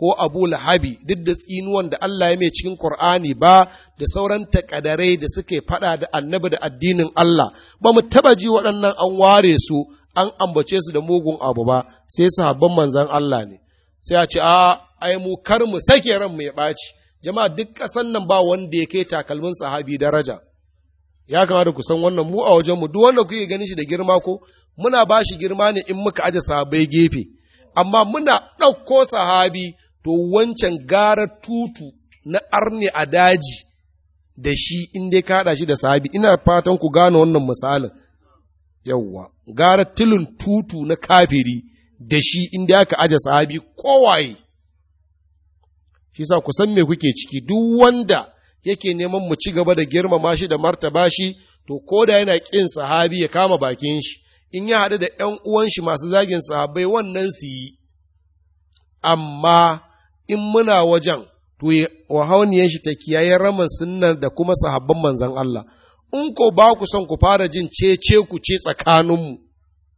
ko abu lahabi duk da tsinuwan da Allah ya mai cikin Kur'ani ba da sauran takadarai da suke faɗa da annabi da addinin Allah ba mu taba ji waɗannan an ware su an ambace su da mugun abu ba sai sahabban manzan Allah ne sai a ce a ai mu kar mu sake ran mu ya ɓaci jama'a duk ƙasan nan ba wanda ya kai takalmin sahabi daraja ya kamata ku san wannan mu a wajen mu duk wanda kuke ganin shi da girma ko muna bashi girma ne in muka aje sahabai gefe amma muna ɗauko sahabi to wancan gara tutu na arne a daji da shi in dai kaɗa shi da sahabi ina fatan ku gane wannan misalin yawwa gara tilin tutu na kafiri da shi in dai aka aje sahabi kowaye shi sa ku san me kuke ciki duk wanda yake neman mu ci gaba da girmama shi da martaba shi to ko da yana ƙin sahabi ya kama bakin shi in ya haɗu da ‘yan uwan shi masu zagin sahabai wannan su yi amma in muna wajen to wahauniyan shi ta kiyaye raman sunnan da kuma sahabban manzan Allah in ko ba ku son ku fara jin cece ku ce tsakaninmu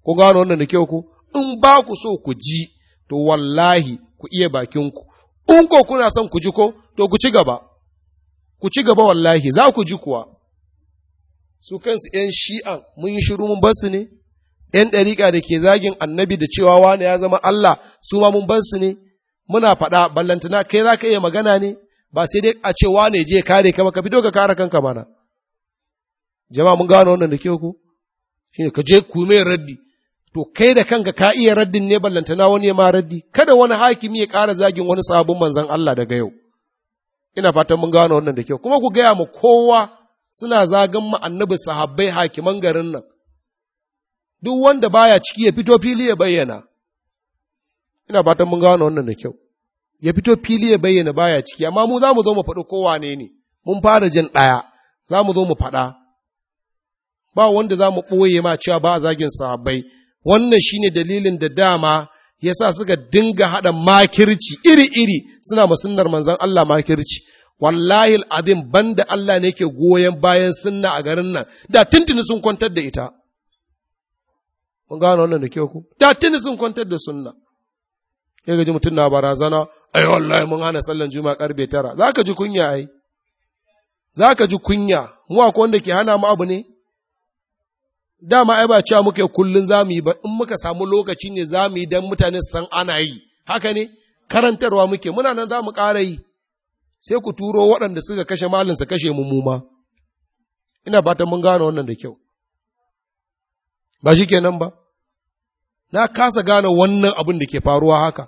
ku gano wannan da kyau ku in ba ku so ku ji to wallahi ku iya bakin ku in ko kuna son ku ji ko to ku ci gaba ku ci gaba wallahi za ku ji kuwa su kansu ‘yan shi'an mun yi shiru mun su ne, ‘yan ɗariƙa da ke zagin annabi da cewa wane ya zama Allah su ma mun su ne, muna faɗa ballantana kai za ka iya magana ne ba sai dai a ce wane je kare ka ka fito ka kare kanka mana jama'a mun gano wannan da ke ku shine ka je ku mai raddi to kai da kanka ka iya raddin ne ballantana wani ya ma raddi kada wani hakimi ya ƙara zagin wani sabon manzon Allah daga yau ina fatan mun gano wannan da kyau kuma ku gaya mu kowa suna zagan mu annabi sahabbai hakiman garin nan duk wanda baya ciki ya fito fili ya bayyana ina fatan mun gano wannan da kyau ya fito fili ya bayyana baya ciki amma mu za mu zo mu faɗi kowa ne mun fara jin ɗaya za mu zo mu faɗa ba wanda za mu ɓoye ma cewa ba a zagin sahabbai wannan shine dalilin da dama ya sa suka dinga haɗa makirci iri-iri suna musunnar manzon Allah makirci wallahi al'adin banda Allah ne ke goyon bayan sunna a garin nan da tuntuni sun kwantar da ita mun gano wannan da kyau ku da tuntuni sun kwantar da sunna ya ga ji mutum na barazana ai wallahi mun hana sallan juma'a karbe tara za ka ji kunya ai za ka ji kunya mu ko wanda ke hana mu abu ne dama ai ba cewa muke kullun za yi ba in muka samu lokaci ne za mu yi don mutane san ana yi haka ne karantarwa muke muna nan za mu ƙara yi sai ku turo waɗanda suka kashe malin su kashe mu muma ina fatan mun gane wannan da kyau ba shi kenan ba na kasa gane wannan abin da ke faruwa haka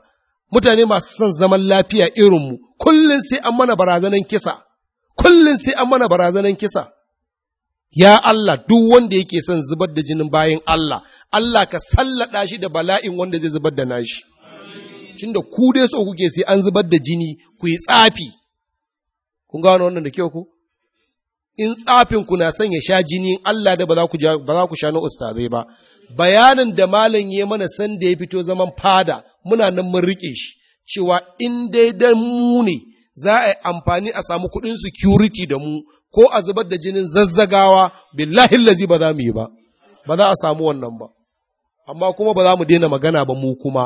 mutane masu son zaman lafiya irinmu kullum sai an mana barazanan kisa kullum sai an mana barazanan kisa ya Allah duk wanda yake son zubar da jinin bayan Allah Allah ka sallada shi da bala'in wanda zai zubar da nashi tun da ku dai so kuke sai an zubar da jini ku yi tsafi kun gano wannan da kyau ku in tsafin ku na son ya sha jini Allah da ba za ku sha na ustazai ba bayanin da malam ya mana san da ya fito zaman fada muna nan mun rike shi cewa in dai dan mu ne za a yi amfani a samu kuɗin security da mu ko a zubar da jinin zazzagawa billahi lazi ba za mu yi ba ba za a samu wannan ba amma kuma ba za mu daina magana ba mu kuma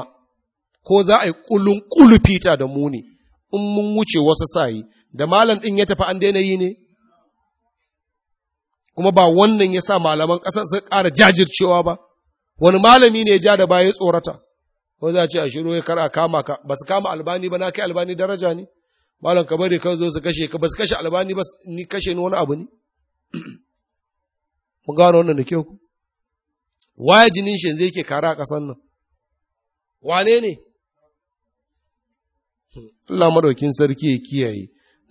ko za a yi kulun kulufita da mu ne in mun wuce wasu sayi da malam ɗin ya tafi an daina yi ne kuma ba wannan ya sa malaman ƙasar sun ƙara jajircewa ba wani malami ne ja da baya tsorata ko za a ce a shiro ya kara a kama ka ba su kama albani ba na kai albani daraja ne malam ka bari ka zo su kashe ka ba su kashe albani ba ni kashe ni wani abu ne mun gano wannan da kyau ku waye jinin shi zai ke kara a kasan nan wane ne Allah madaukin sarki ya kiyaye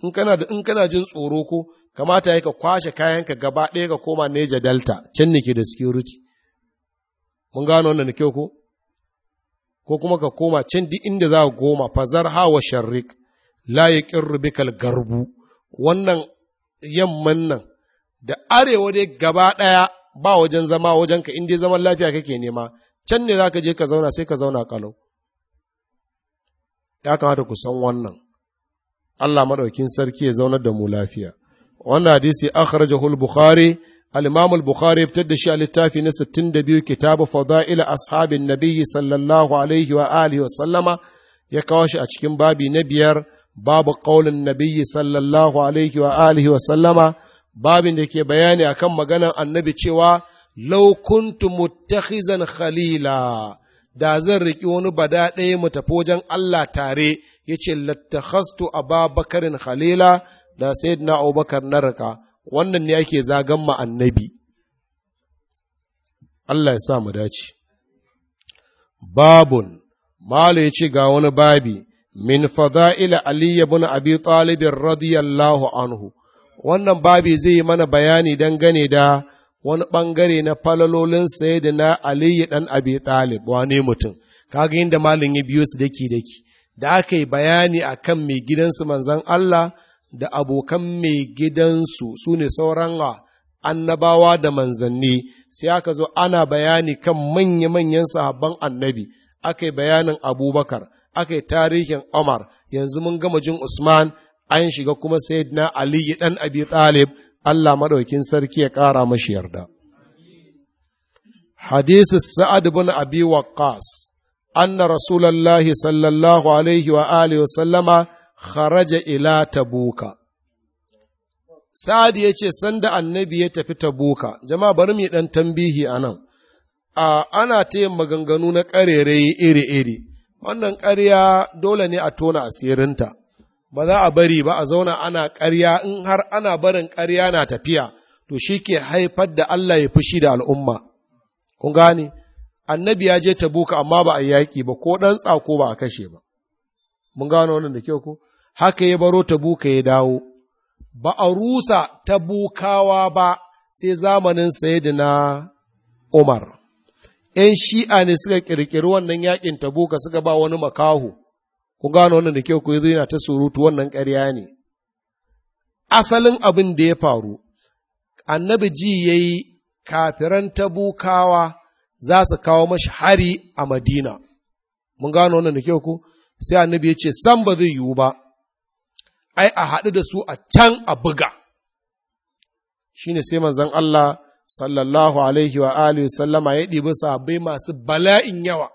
in kana da in kana jin tsoro ko kamata ya ka kwashe kayanka gaba ɗaya ka koma Neja Delta can ne ke da security Kun gano wannan da kyau ko ko kuma ka koma can duk inda za ka koma fazar hawa sharrik la yaqir bikal garbu wannan yamman nan da arewa dai gaba ɗaya ba wajen zama wajen ka inda zaman lafiya kake nema can ne za ka je ka zauna sai ka zauna kalau ya kamata ku san wannan Allah madaukin sarki ya zaunar da mu lafiya wannan hadisi akhrajahu al-bukhari al-Imam al-Bukhari fitar da shi a littafi na 62 Kitabu Fadail Ashabin Nabi sallallahu alaihi wa alihi wa sallama ya kawo shi a cikin babi na biyar babu qaulin Nabi sallallahu alaihi wa alihi wa sallama babin da ke bayani a kan maganar Annabi cewa law kuntu muttakhizan khalila da zan riki wani bada ɗaya mu tafi wajen Allah tare yace lattakhastu ababakarin khalila da sayyidina Abubakar na rika wannan ne ake zagan ma annabi Allah ya sa mu dace babun Malu ya ce ga wani babi min fada'ila Ali bin Abi Talibin radiyallahu anhu wannan babi zai yi mana bayani dangane da wani ɓangare na falalolin na Ali dan Abi Talib ne mutum kaga inda malin ya biyo su daki daki da aka yi bayani akan mai gidansu manzon Allah da abokan mai gidansu su ne sauran ah, annabawa da manzanni sai aka zo ana bayani kan manya-manyan sahabban annabi aka yi bayanin abubakar aka yi tarihin omar yanzu mun gama jin usman an shiga kuma sayyidina ali dan abi talib allah maɗaukin sarki ya ƙara mashi yarda حديث Sa'ad bin أبي وقاص أن kharaja ila tabuka sa'ad ya ce sanda annabi ya tafi tabuka jama'a bari mu dan tambihi anan a ana ta maganganu na karere iri-iri wannan ƙarya dole ne a tona asirinta ba za a bari ba a zauna ana ƙarya in har ana barin ƙarya na tafiya to shi ke haifar da Allah ya fushi da al'umma kun gane annabi ya je tabuka amma ba a yaƙi ba ko ɗan tsako ba a kashe ba mun gano wannan da kyau ko haka ya baro ta buka ya dawo, ba a rusa ta bukawa ba sai zamanin na Umar. ‘Yan shi'a ne suka ƙirƙiri wannan yaƙin buka suka ba wani makahu kun gano wannan da kyau ku yana ta surutu wannan ƙarya ne. Asalin abin da ya faru, annabi ji ya yi kafiran tabukawa za su kawo mashi hari a Madina. Mun gano wannan da kyau ku, sai annabi ya ce, San ba zai yiwu ba, ai a haɗu da su a can a buga shi ne sai manzan Allah sallallahu alaihi wa alihi sallama ya ɗibi bai masu bala'in yawa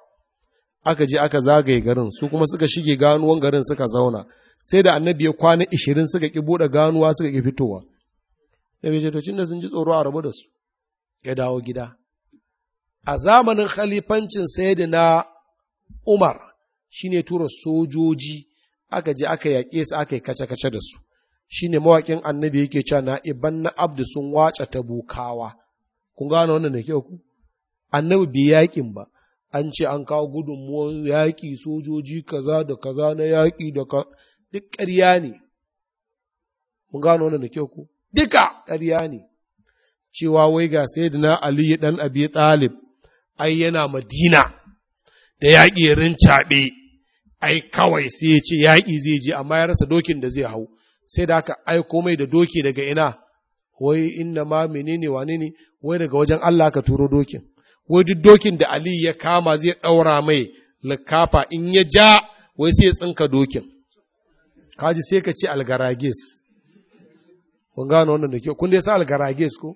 aka je aka zagaye garin su kuma suka shige ganuwan garin suka zauna sai da annabi ya kwana ishirin suka ƙi buɗe ganuwa suka ƙi fitowa bai jetocin da sun ji tsoro a rabu da su ya dawo gida a zamanin khalifancin sayyidina umar shine tura sojoji aka je aka yaƙe su aka yi kace-kace da su Shi ne mawaƙin annabi yake cewa na iban na abdu sun wace ta bukawa kun gano wannan da kyau ku annabi bai yaƙin ba an ce an kawo gudunmuwan yaƙi sojoji kaza da kaza na yaƙi da ka duk ƙarya ne Kun gano wannan da kyau ku duka ƙarya ne cewa wai ga sayyidina ali dan abi talib ai yana madina da yaƙi rin caɓe. ai kawai sai ya ce yaƙi zai je amma ya rasa dokin da zai hau sai da aka ai komai da doki daga ina wai inna ma menene wane ne wai daga wajen Allah ka turo dokin wai duk dokin da Ali ya kama zai ɗaura mai likafa in ya ja wai sai ya tsinka dokin kaji sai ka ce algarages kun gano wannan da kyau kun dai sa algarages ko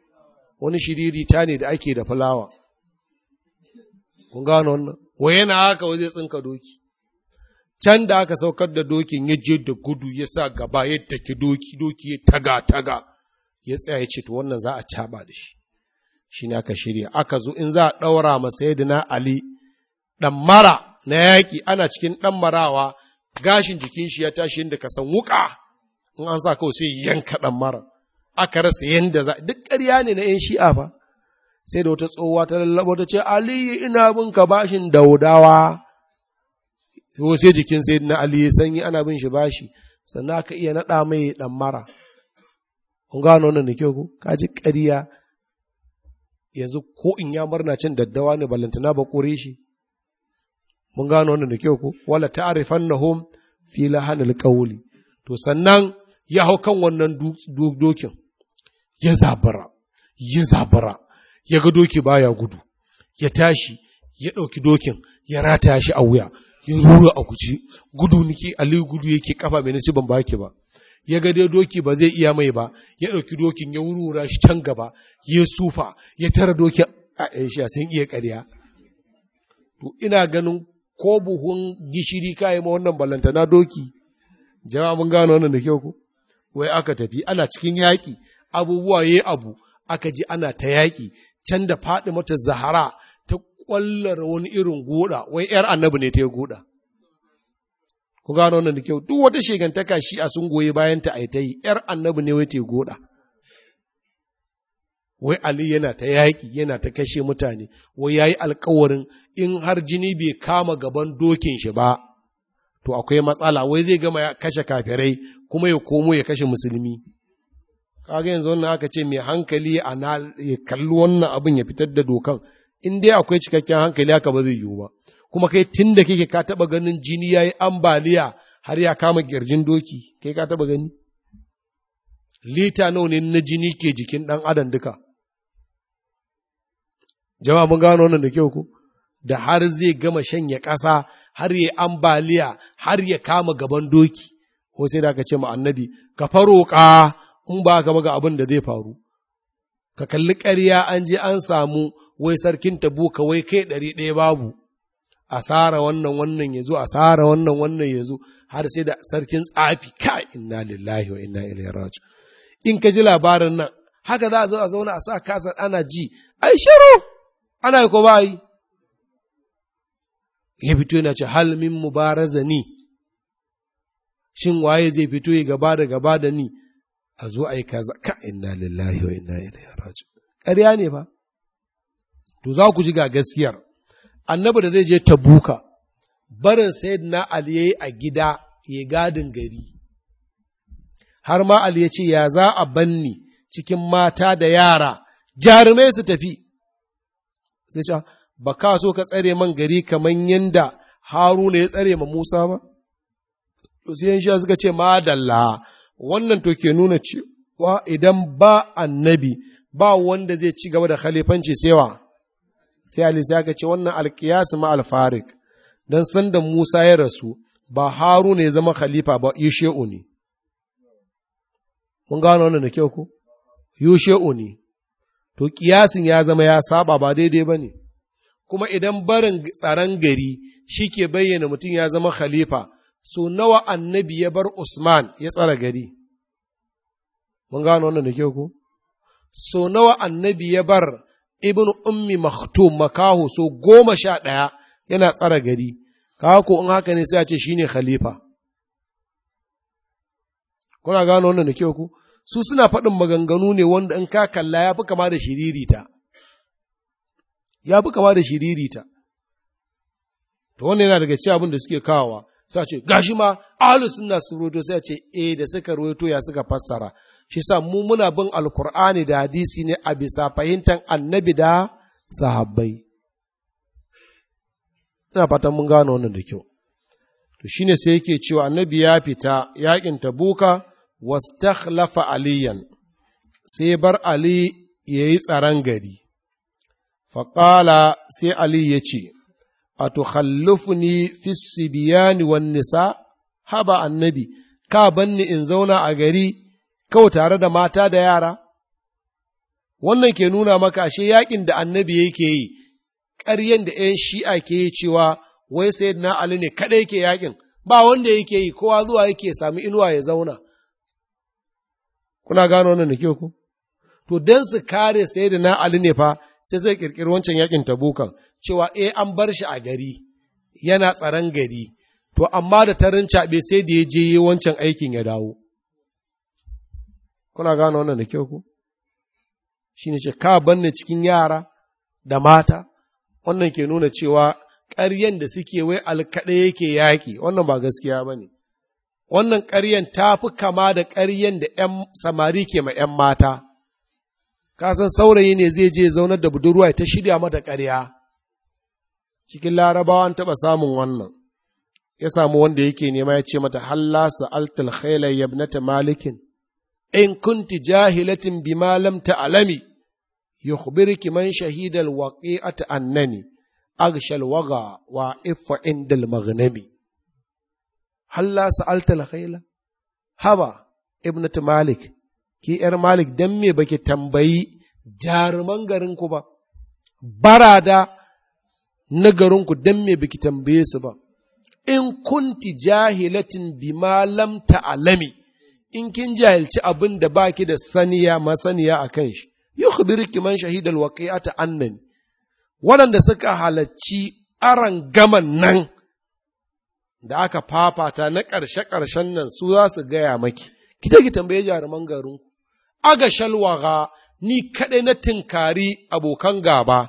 wani shiriri ta ne da ake da fulawa kun gano wannan wai yana haka wai zai tsinka doki can da aka saukar da dokin ya je da gudu ya sa gaba ya take doki doki ya taga taga ya tsaya ya ce to wannan za a caba da shi shi ne aka shirya aka zo in za a ɗaura masa na ali ɗan mara na yaƙi ana cikin ɗan marawa gashin jikin shi ya tashi yadda ka san wuƙa in an sa kawai sai yanka ɗan mara aka rasa yadda za duk karya ne na ‘yan shi'a fa sai da wata tsohuwa ta lallaba ta ce aliyu ina bin ka bashin daudawa yau sai jikin sai na ali ya sanyi ana bin shi bashi sannan aka iya naɗa mai ɗan mara kun gano wannan da kyau ko ka ji yanzu ko in ya murna cin daddawa ne ballantana ba kore shi mun gano wannan da kyau ko wala ta'rifannahum fi lahanil qawli to sannan ya hau kan wannan dokin ya zabara ya zabara ya ga doki baya gudu ya tashi ya ɗauki dokin ya rata shi a wuya ya rura a guji gudu niki ali gudu yake kafa mai nace ban baki ba ya ga dai doki ba zai iya mai ba ya dauki dokin ya wurwura shi can gaba ya sufa ya tara doki a aisha sun iya ƙarya to ina ganin ko buhun gishiri kai ma wannan na doki jama'a mun gano wannan da kyau ko wai aka tafi ana cikin yaki abubuwa yayi abu aka ji ana ta yaki can da faɗi mata zahara kwallar wani irin guda, wai ‘yar annabi ne ta yi guda. Ku gano wannan da kyau, duk wata shigantaka shi a sun goyi bayan ta ta yi, ‘yar annabi ne wai ta yi guda. Wai Ali yana ta yaƙi, yana ta kashe mutane, wai ya yi alkawarin in har jini bai kama gaban dokin shi ba, to akwai matsala, wai zai gama ya kashe kafirai kuma ya komo ya kashe musulmi. Kaga yanzu wannan aka ce mai hankali a ya kalli wannan abin ya fitar da dokan, in dai akwai cikakken hankali haka ba zai yiwu ba kuma kai tun da kake ka taɓa ganin jini ya yi ambaliya har ya kama girjin doki kai ka taɓa gani lita nawa ne na jini ke jikin dan adam duka jama'a mun gano wannan da kyau ko da har zai gama shanya ƙasa har ya ambaliya har ya kama gaban doki ko sai da aka ce ma annabi ka faroka in ba ka ga abin da zai faru ka kalli ƙarya an je an samu wai sarkin tabu wai kai ɗari ɗaya babu A tsara wannan wannan ya zo a tsara wannan wannan ya zo har sai da sarkin tsafi ka inna lillahi wa inna ilaihi raji in ka ji labarin nan haka za a zo a zauna a sa kasar ana ji ai shiru ana yi ko bai ya fito yana ce hal min mubaraza ni shin waye zai fito ya gaba da gaba da ni a zo a yi kaza ka inna lillahi wa inna ilaihi raji ƙarya ne fa to za ku ji ga gaskiyar annabi da zai je tabuka barin sayyidina ali yayi a gida ya gadin gari har ma ali ya ce ya za a banni cikin mata da yara jarumai su tafi sai ce ba ka so ka tsare man gari kamar yadda haruna ya tsare ma musa ba to sai yan suka ce madalla wannan to ke nuna cewa idan ba annabi ba wanda zai ci gaba da khalifanci sewa sai alisa ya gace ce wannan alkiyas ma alfarik dan sanda Musa ya rasu ba Haruna ya zama khalifa ba Yushe'u ne mun gano wannan da kyau ko Yushe'u ne to kiyasin ya zama ya saba ba daidai ba ne, kuma idan barin tsaron gari shi ke bayyana mutum ya zama khalifa, so nawa annabi ya bar Usman ya tsara gari. Mun gano wannan da ke ku? So nawa annabi ya bar ibn ummi maktum makaho so goma sha ɗaya yana tsara gari kawo ko in haka ne sai a ce shine khalifa kuna gano wannan da kyau ku su suna faɗin maganganu ne wanda in ka kalla ya fi kama da shiririta ya fi kama da shiririta to wannan yana daga ci abin da suke kawowa sai ce gashi ma ahlus sunna sun roto sai ce eh da suka roto ya suka fassara shi sa mu muna bin alkur'ani da hadisi ne a bisa fahimtar annabi da sahabbai ina fatan mun gano wannan da kyau to shine sai yake cewa annabi ya fita yakin tabuka wastakhlafa aliyan sai bar ali yayi tsaron gari faƙala sai ali ya ce a tukhallufni fi sibiyani wan nisa haba annabi ka banni in zauna a gari kawai tare da mata da yara? Wannan ke nuna maka ashe yakin da annabi yake yi, ƙaryen da ‘yan shi'a ke yi cewa wai sai na Ali ne kaɗai ke yaƙin, ba wanda yake yi, kowa zuwa yake sami inuwa ya zauna. Kuna gano wannan da ke ku? To, don su kare sai na Ali ne fa, sai sai ƙirƙiri wancan yaƙin tabukan, cewa e an bar shi a gari, yana tsaron gari, to amma da tarin caɓe sai da ya je wancan aikin ya dawo. kuna gane wannan da kyau ku shi ne ce ka banne cikin yara da mata wannan ke nuna cewa ƙaryen da suke wai alkaɗe yake yaƙi wannan ba gaskiya ba ne wannan ƙaryen ta fi kama da ƙaryen da ‘yan samari ke ma ‘yan mata Ka san saurayi ne zai je zaunar da budurwa ta shirya mata ƙarya cikin larabawa an taɓa samun wannan ya samu wanda yake nema ya ce mata halla sa'altul khaila yabnata malikin in kunti jahilatin bima lam ta'lami yukhbiruki man shahidal waqi'ata annani aghshal waga wa iffa indal maghnami halla sa'alta al haba ibnatu malik ki ‘yar Malik don me baki tambayi jaruman garinku ba, barada na garinku don me baki tambaye su ba, in kunti jahilatin bima lam ta'alami, in kin jahilci abin da baki da saniya masaniya a kan shi ki man shahidal waqi'ata annani waɗanda suka halarci aran gaman nan da aka fafata na ƙarshe-ƙarshen nan su za su gaya maki, kita ki tambaye jaruman garin aga shalwaga ni kaɗai na tinkari abokan gaba,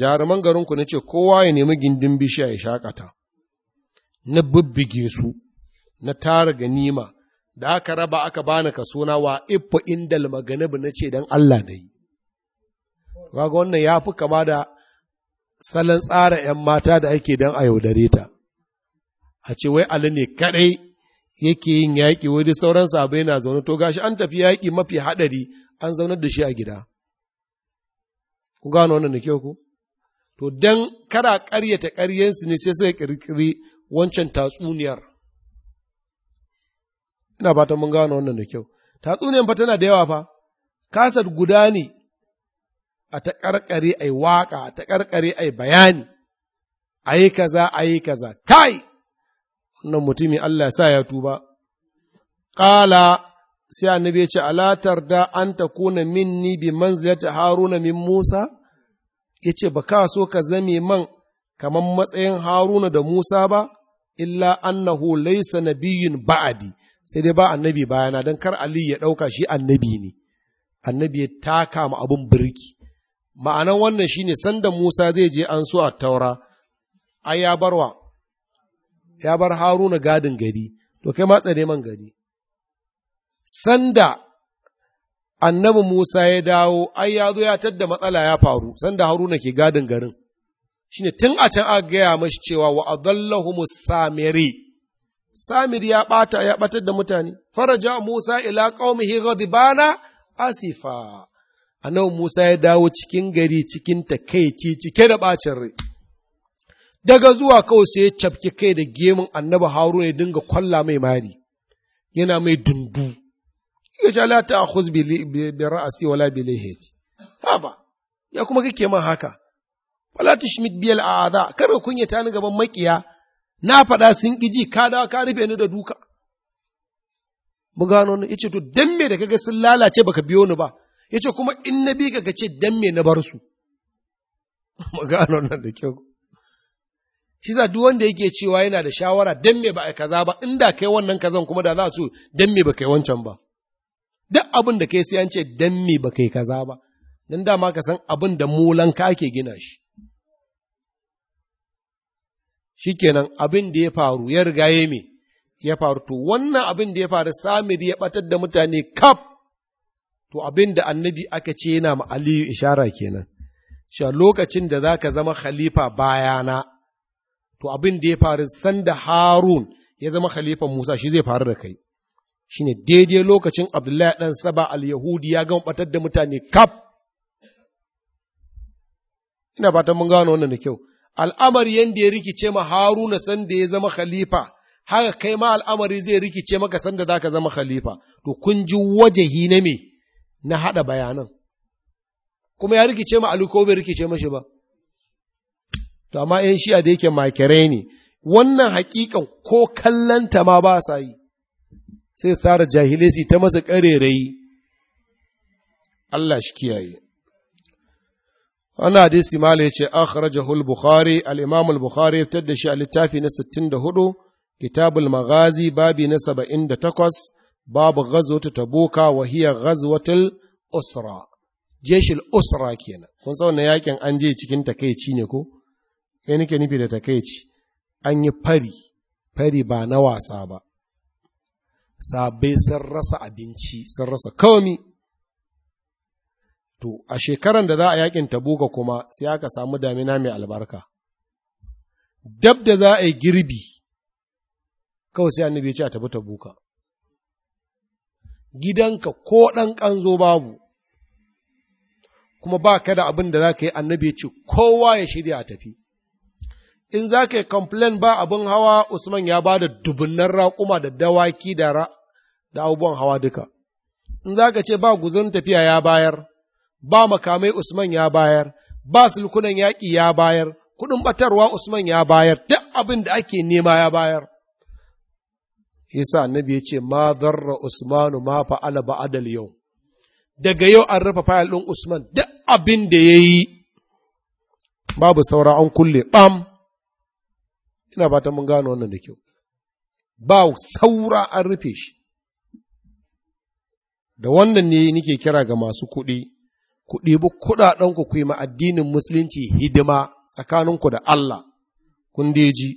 jaruman garinku na ce kowa ya nemi gindin bishiya ya shakata, na bibbige su, na tara ganima, da aka raba aka bani ka suna wa ifa indal maganib na ce don Allah na yi. Kaga wannan ya fi kama da salon tsara ‘yan mata da ake don a yaudare ta, a ce wai Ali ne kaɗai yake yin yaƙi wani sauran sabai na zaune to gashi an tafi yaƙi mafi haɗari an zaunar da shi a gida. Ku gano wannan da kyau ku? To don kara ƙaryata ƙaryensu ne sai suka ƙirƙiri wancan tatsuniyar. ina fatan mun gano wannan da kyau tatsuniyan fa tana da yawa fa kasar guda ne a ta karkare ai waka a ta karkare ai bayani ayi kaza yi kaza kai wannan mutumin Allah sa ya tuba Ƙala sai annabi ya ce alatar da an takuna minni bi manzilati haruna min musa ya ce ba ka so ka zame man kamar matsayin haruna da musa ba illa annahu na biyun ba'adi sai dai ba annabi bayana don kar Ali ya ɗauka shi annabi ne, annabi ya taka ma abin birki. Ma'anan wannan shi ne sanda Musa zai je an so a taura, ai ya barwa, ya bar Haruna gadin gari, to kai matsa man gari. Sanda annabi Musa ya dawo, ai ya zo ya tadda matsala ya faru, sanda Haruna ke gadin garin. shi ne tun a can aka gaya mashi cewa wa adallahu samiri Samir ya ɓata ya ɓatar da mutane, faraja Musa ila ƙaumihi ghadibana asifa. Annabi Musa ya dawo cikin gari cikin takaici cike da ɓacin rai. Daga zuwa kawai sai ya cafke kai da gemun annabi Haruna ya dinga kwalla mai mari, yana mai dundu. Ya ce la ta akhuz bi ra'asi wala bi lihiyati. Haba, ya kuma kake man haka. Fala tushmit biyal a'adha, kar ka kunyata ni gaban makiya. na faɗa sun ƙi ji ka dawo ka rufe ni da duka mu gano ni yace to dan me da kaga sun lalace baka biyo ni ba yace kuma in na bi ka ce dan me na bar su mu gano nan da kyau shi za duk wanda yake cewa yana da shawara dan me ba a kaza ba inda kai wannan kazan kuma da za su dan me baka yi wancan ba duk abin da kai sai an ce dan me baka yi kaza ba dan dama ka san abin da molan ka ake gina shi shi kenan abin da ya faru ya riga ya me ya faru to wannan abin da ya faru samir ya batar da mutane kaf to abin da annabi aka ce yana ma aliyu ishara kenan sha lokacin da za ka zama khalifa bayana to abin da ya faru sanda harun ya zama khalifan musa shi zai faru da kai shine daidai lokacin abdullahi dan saba al-yahudi ya gama batar da mutane kaf ina fatan mun gano wannan da kyau al'amari yadda ya rikice ma haruna sanda ya zama khalifa haka kai ma al'amari zai rikice maka sanda za ka zama khalifa to kun ji wajahi na me na haɗa bayanan kuma ya rikice ma aliko bai rikice mashi ba to amma ‘yan shi'a da yake makirai ne wannan hakikan ko kallanta ma ba sa yi sai tsara jahilai ta masa ƙarerayi Allah shi kiyaye wannan hadisi mala ya ce akhrajahu al-bukhari al al-bukhari ya da shi a littafi na 64 kitabul magazi babi na 78 babu ta tabuka wa hiya ghazwatul usra jeshil usra kenan kun san yakin an je cikin takaici ne ko kai nake nufi da takaici an yi fari fari ba na wasa ba sabai sun rasa abinci sun rasa komi To, a shekaran da za a yakin tabuka kuma sai aka samu damina mai albarka. Dab da za a yi girbi, kawai sai annabi ya ce a tabuka. Gidanka ko ɗan ƙanzo babu, kuma ba ka da abin da za ka yi annabi ya ce kowa ya shirya a tafi. In za ka yi complain ba abin hawa Usman ya ba da dubunnan raƙuma da dawaki da abubuwan hawa duka. In za ka ce ba guzon tafiya ya bayar. ba makamai Usman ya bayar, ba sulkunan yaƙi ya bayar, kuɗin ɓatarwa Usman ya bayar, duk abin da ake nema ya bayar. Isa annabi ya ce, Ma zarra Usmanu ma fa'ala ba adal yau, daga yau an rufe fayil ɗin Usman duk abin da ya yi, babu saura an kulle ɓam, ina ta mun gano wannan da kyau, ba saura an rufe shi. Da wannan ne nike kira ga masu kuɗi, ku ɗibi kuɗaɗenku ku yi ma addinin musulunci hidima tsakaninku da Allah, kun deji.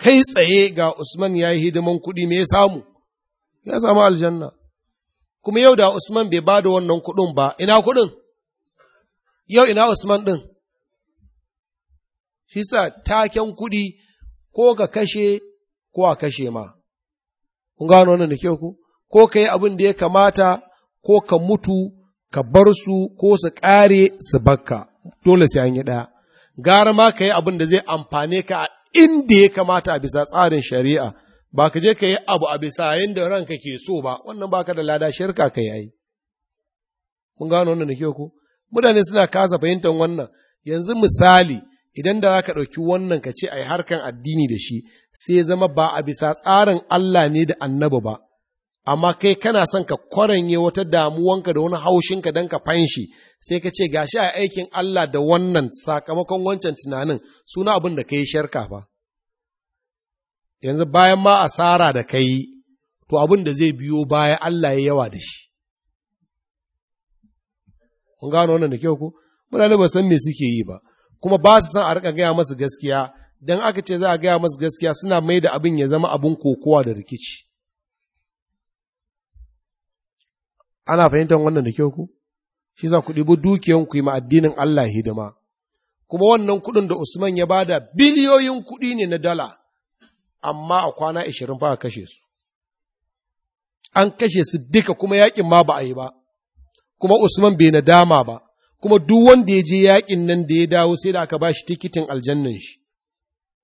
Kai tsaye ga Usman ya yi hidiman kuɗi me ya samu, ya samu aljanna. Kuma yau da Usman bai ba da wannan kuɗin ba, ina kuɗin? Yau ina Usman ɗin? Shi sa taken kuɗi ko ka kashe ko a kashe ma. Kun gano wannan da kyau ku? Ko ka yi abin da ya kamata ko ka mutu ka bar su ko su kare su bakka dole sai an yi ɗaya gara ma ka yi abin da zai amfane ka a inda ya kamata a bisa tsarin shari'a ba ka je ka yi abu a bisa yadda ranka ke so ba wannan ba ka da lada shirka ka yayi mun gano wannan da kyau ko mutane suna kasa fahimtar wannan yanzu misali idan da za ka ɗauki wannan ka ce a yi harkan addini da shi sai zama ba a bisa tsarin Allah ne da annabi ba amma kai kana son ka kwaranye wata damuwanka da wani haushinka don ka fanshi sai ka ce gashi a aikin Allah da wannan sakamakon wancan tunanin suna abin da ka yi sharka fa yanzu bayan ma asara da ka yi to abin da zai biyo baya Allah ya yawa da shi kun gano wannan da kyau ku mutane ba san me suke yi ba kuma ba su san a rika gaya masu gaskiya dan aka ce za a gaya masu gaskiya suna mai da abin ya zama abin kokowa da rikici ana fahimtar wannan da kyau ku shi za ku ɗibi dukiyan ku yi ma addinin Allah hidima kuma wannan kuɗin da Usman ya bada biliyoyin kuɗi ne na dala amma a kwana ashirin fa kashe su an kashe su duka kuma yakin ma ba a yi ba kuma Usman bai nadama ba kuma duk wanda ya je yakin nan da ya dawo sai da aka ba shi tikitin aljannan shi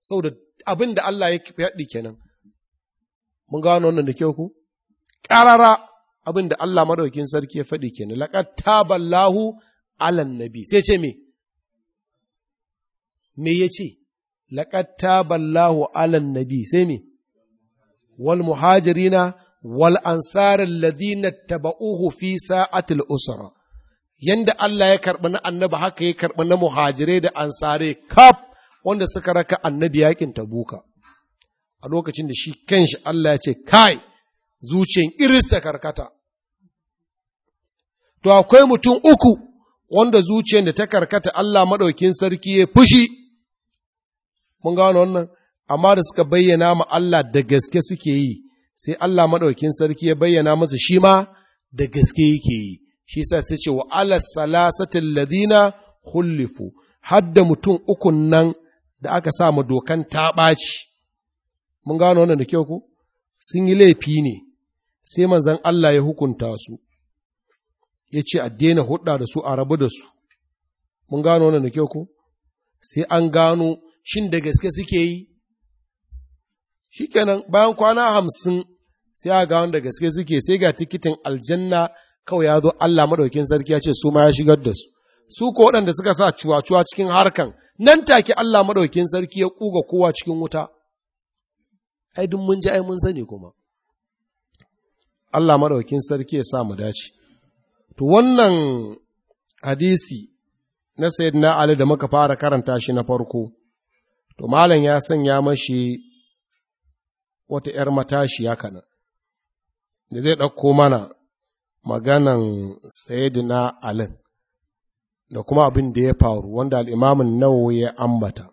saboda abin da Allah ya faɗi kenan mun gano wannan da kyau ku ƙarara abin da Allah madaukin sarki ya faɗi kenan laqad taballahu alan nabi sai ce me me yace laqad taballahu alan nabi sai me wal muhajirina wal ansar alladhina tabauhu fi sa'atil usra yanda Allah ya karɓi na annabi haka ya karɓi na muhajirai da ansare kaf wanda suka raka annabi yakin tabuka a lokacin da shi kanshi Allah ya ce kai zuciyan irista karkata to akwai mutum uku wanda zuciyar da ta karkata Allah maɗaukin sarki ya fushi, mun gano wannan, amma da suka bayyana ma Allah da gaske suke yi, sai Allah maɗaukin sarki ya bayyana masa shi ma da gaske yake yi, shi sa sai ce wa ala salasatin ladina hullifu, hadda mutum uku nan da aka sa ma dokan ta ɓaci. Mun gano wannan da kyau ku? Sun yi laifi ne, sai manzan Allah ya hukunta su. ya ce a daina hudda da su a rabu da su mun gano wannan da kyau ko sai an gano shin da gaske suke yi shikenan bayan kwana hamsin sai a gano da gaske suke sai ga tikitin aljanna kawai ya zo Allah madaukin sarki ya ce su ma ya shigar da su su ko waɗanda suka sa cuwa-cuwa cikin harkan nan take Allah madaukin sarki ya kuga kowa cikin wuta ai duk mun ji ai mun sani kuma Allah madaukin sarki ya sa mu dace To wannan hadisi na Sayyidina Ali da muka fara karanta shi na farko, to Malam ya sanya mashi wata ‘yar matashi matashiya kanan, da zai ɗauko mana maganan Sayyidina Ali da kuma abin da ya faru wanda al'imamin nawo ya ambata.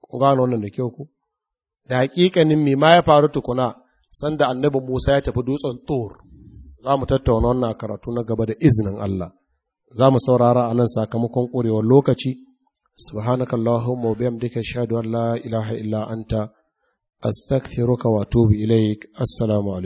kun gano wannan da kyau ku? Da hakikanin me ma ya faru tukuna sanda annabi Musa ya tafi dutsen Tor. za mu tattauna wannan karatu na gaba da izinin Allah za mu saurara a nan sakamakon ƙurewar lokaci subhanakallahu wa bihamdika ashhadu an la ilaha illa anta astaghfiruka wa atubu ilaik assalamu alaikum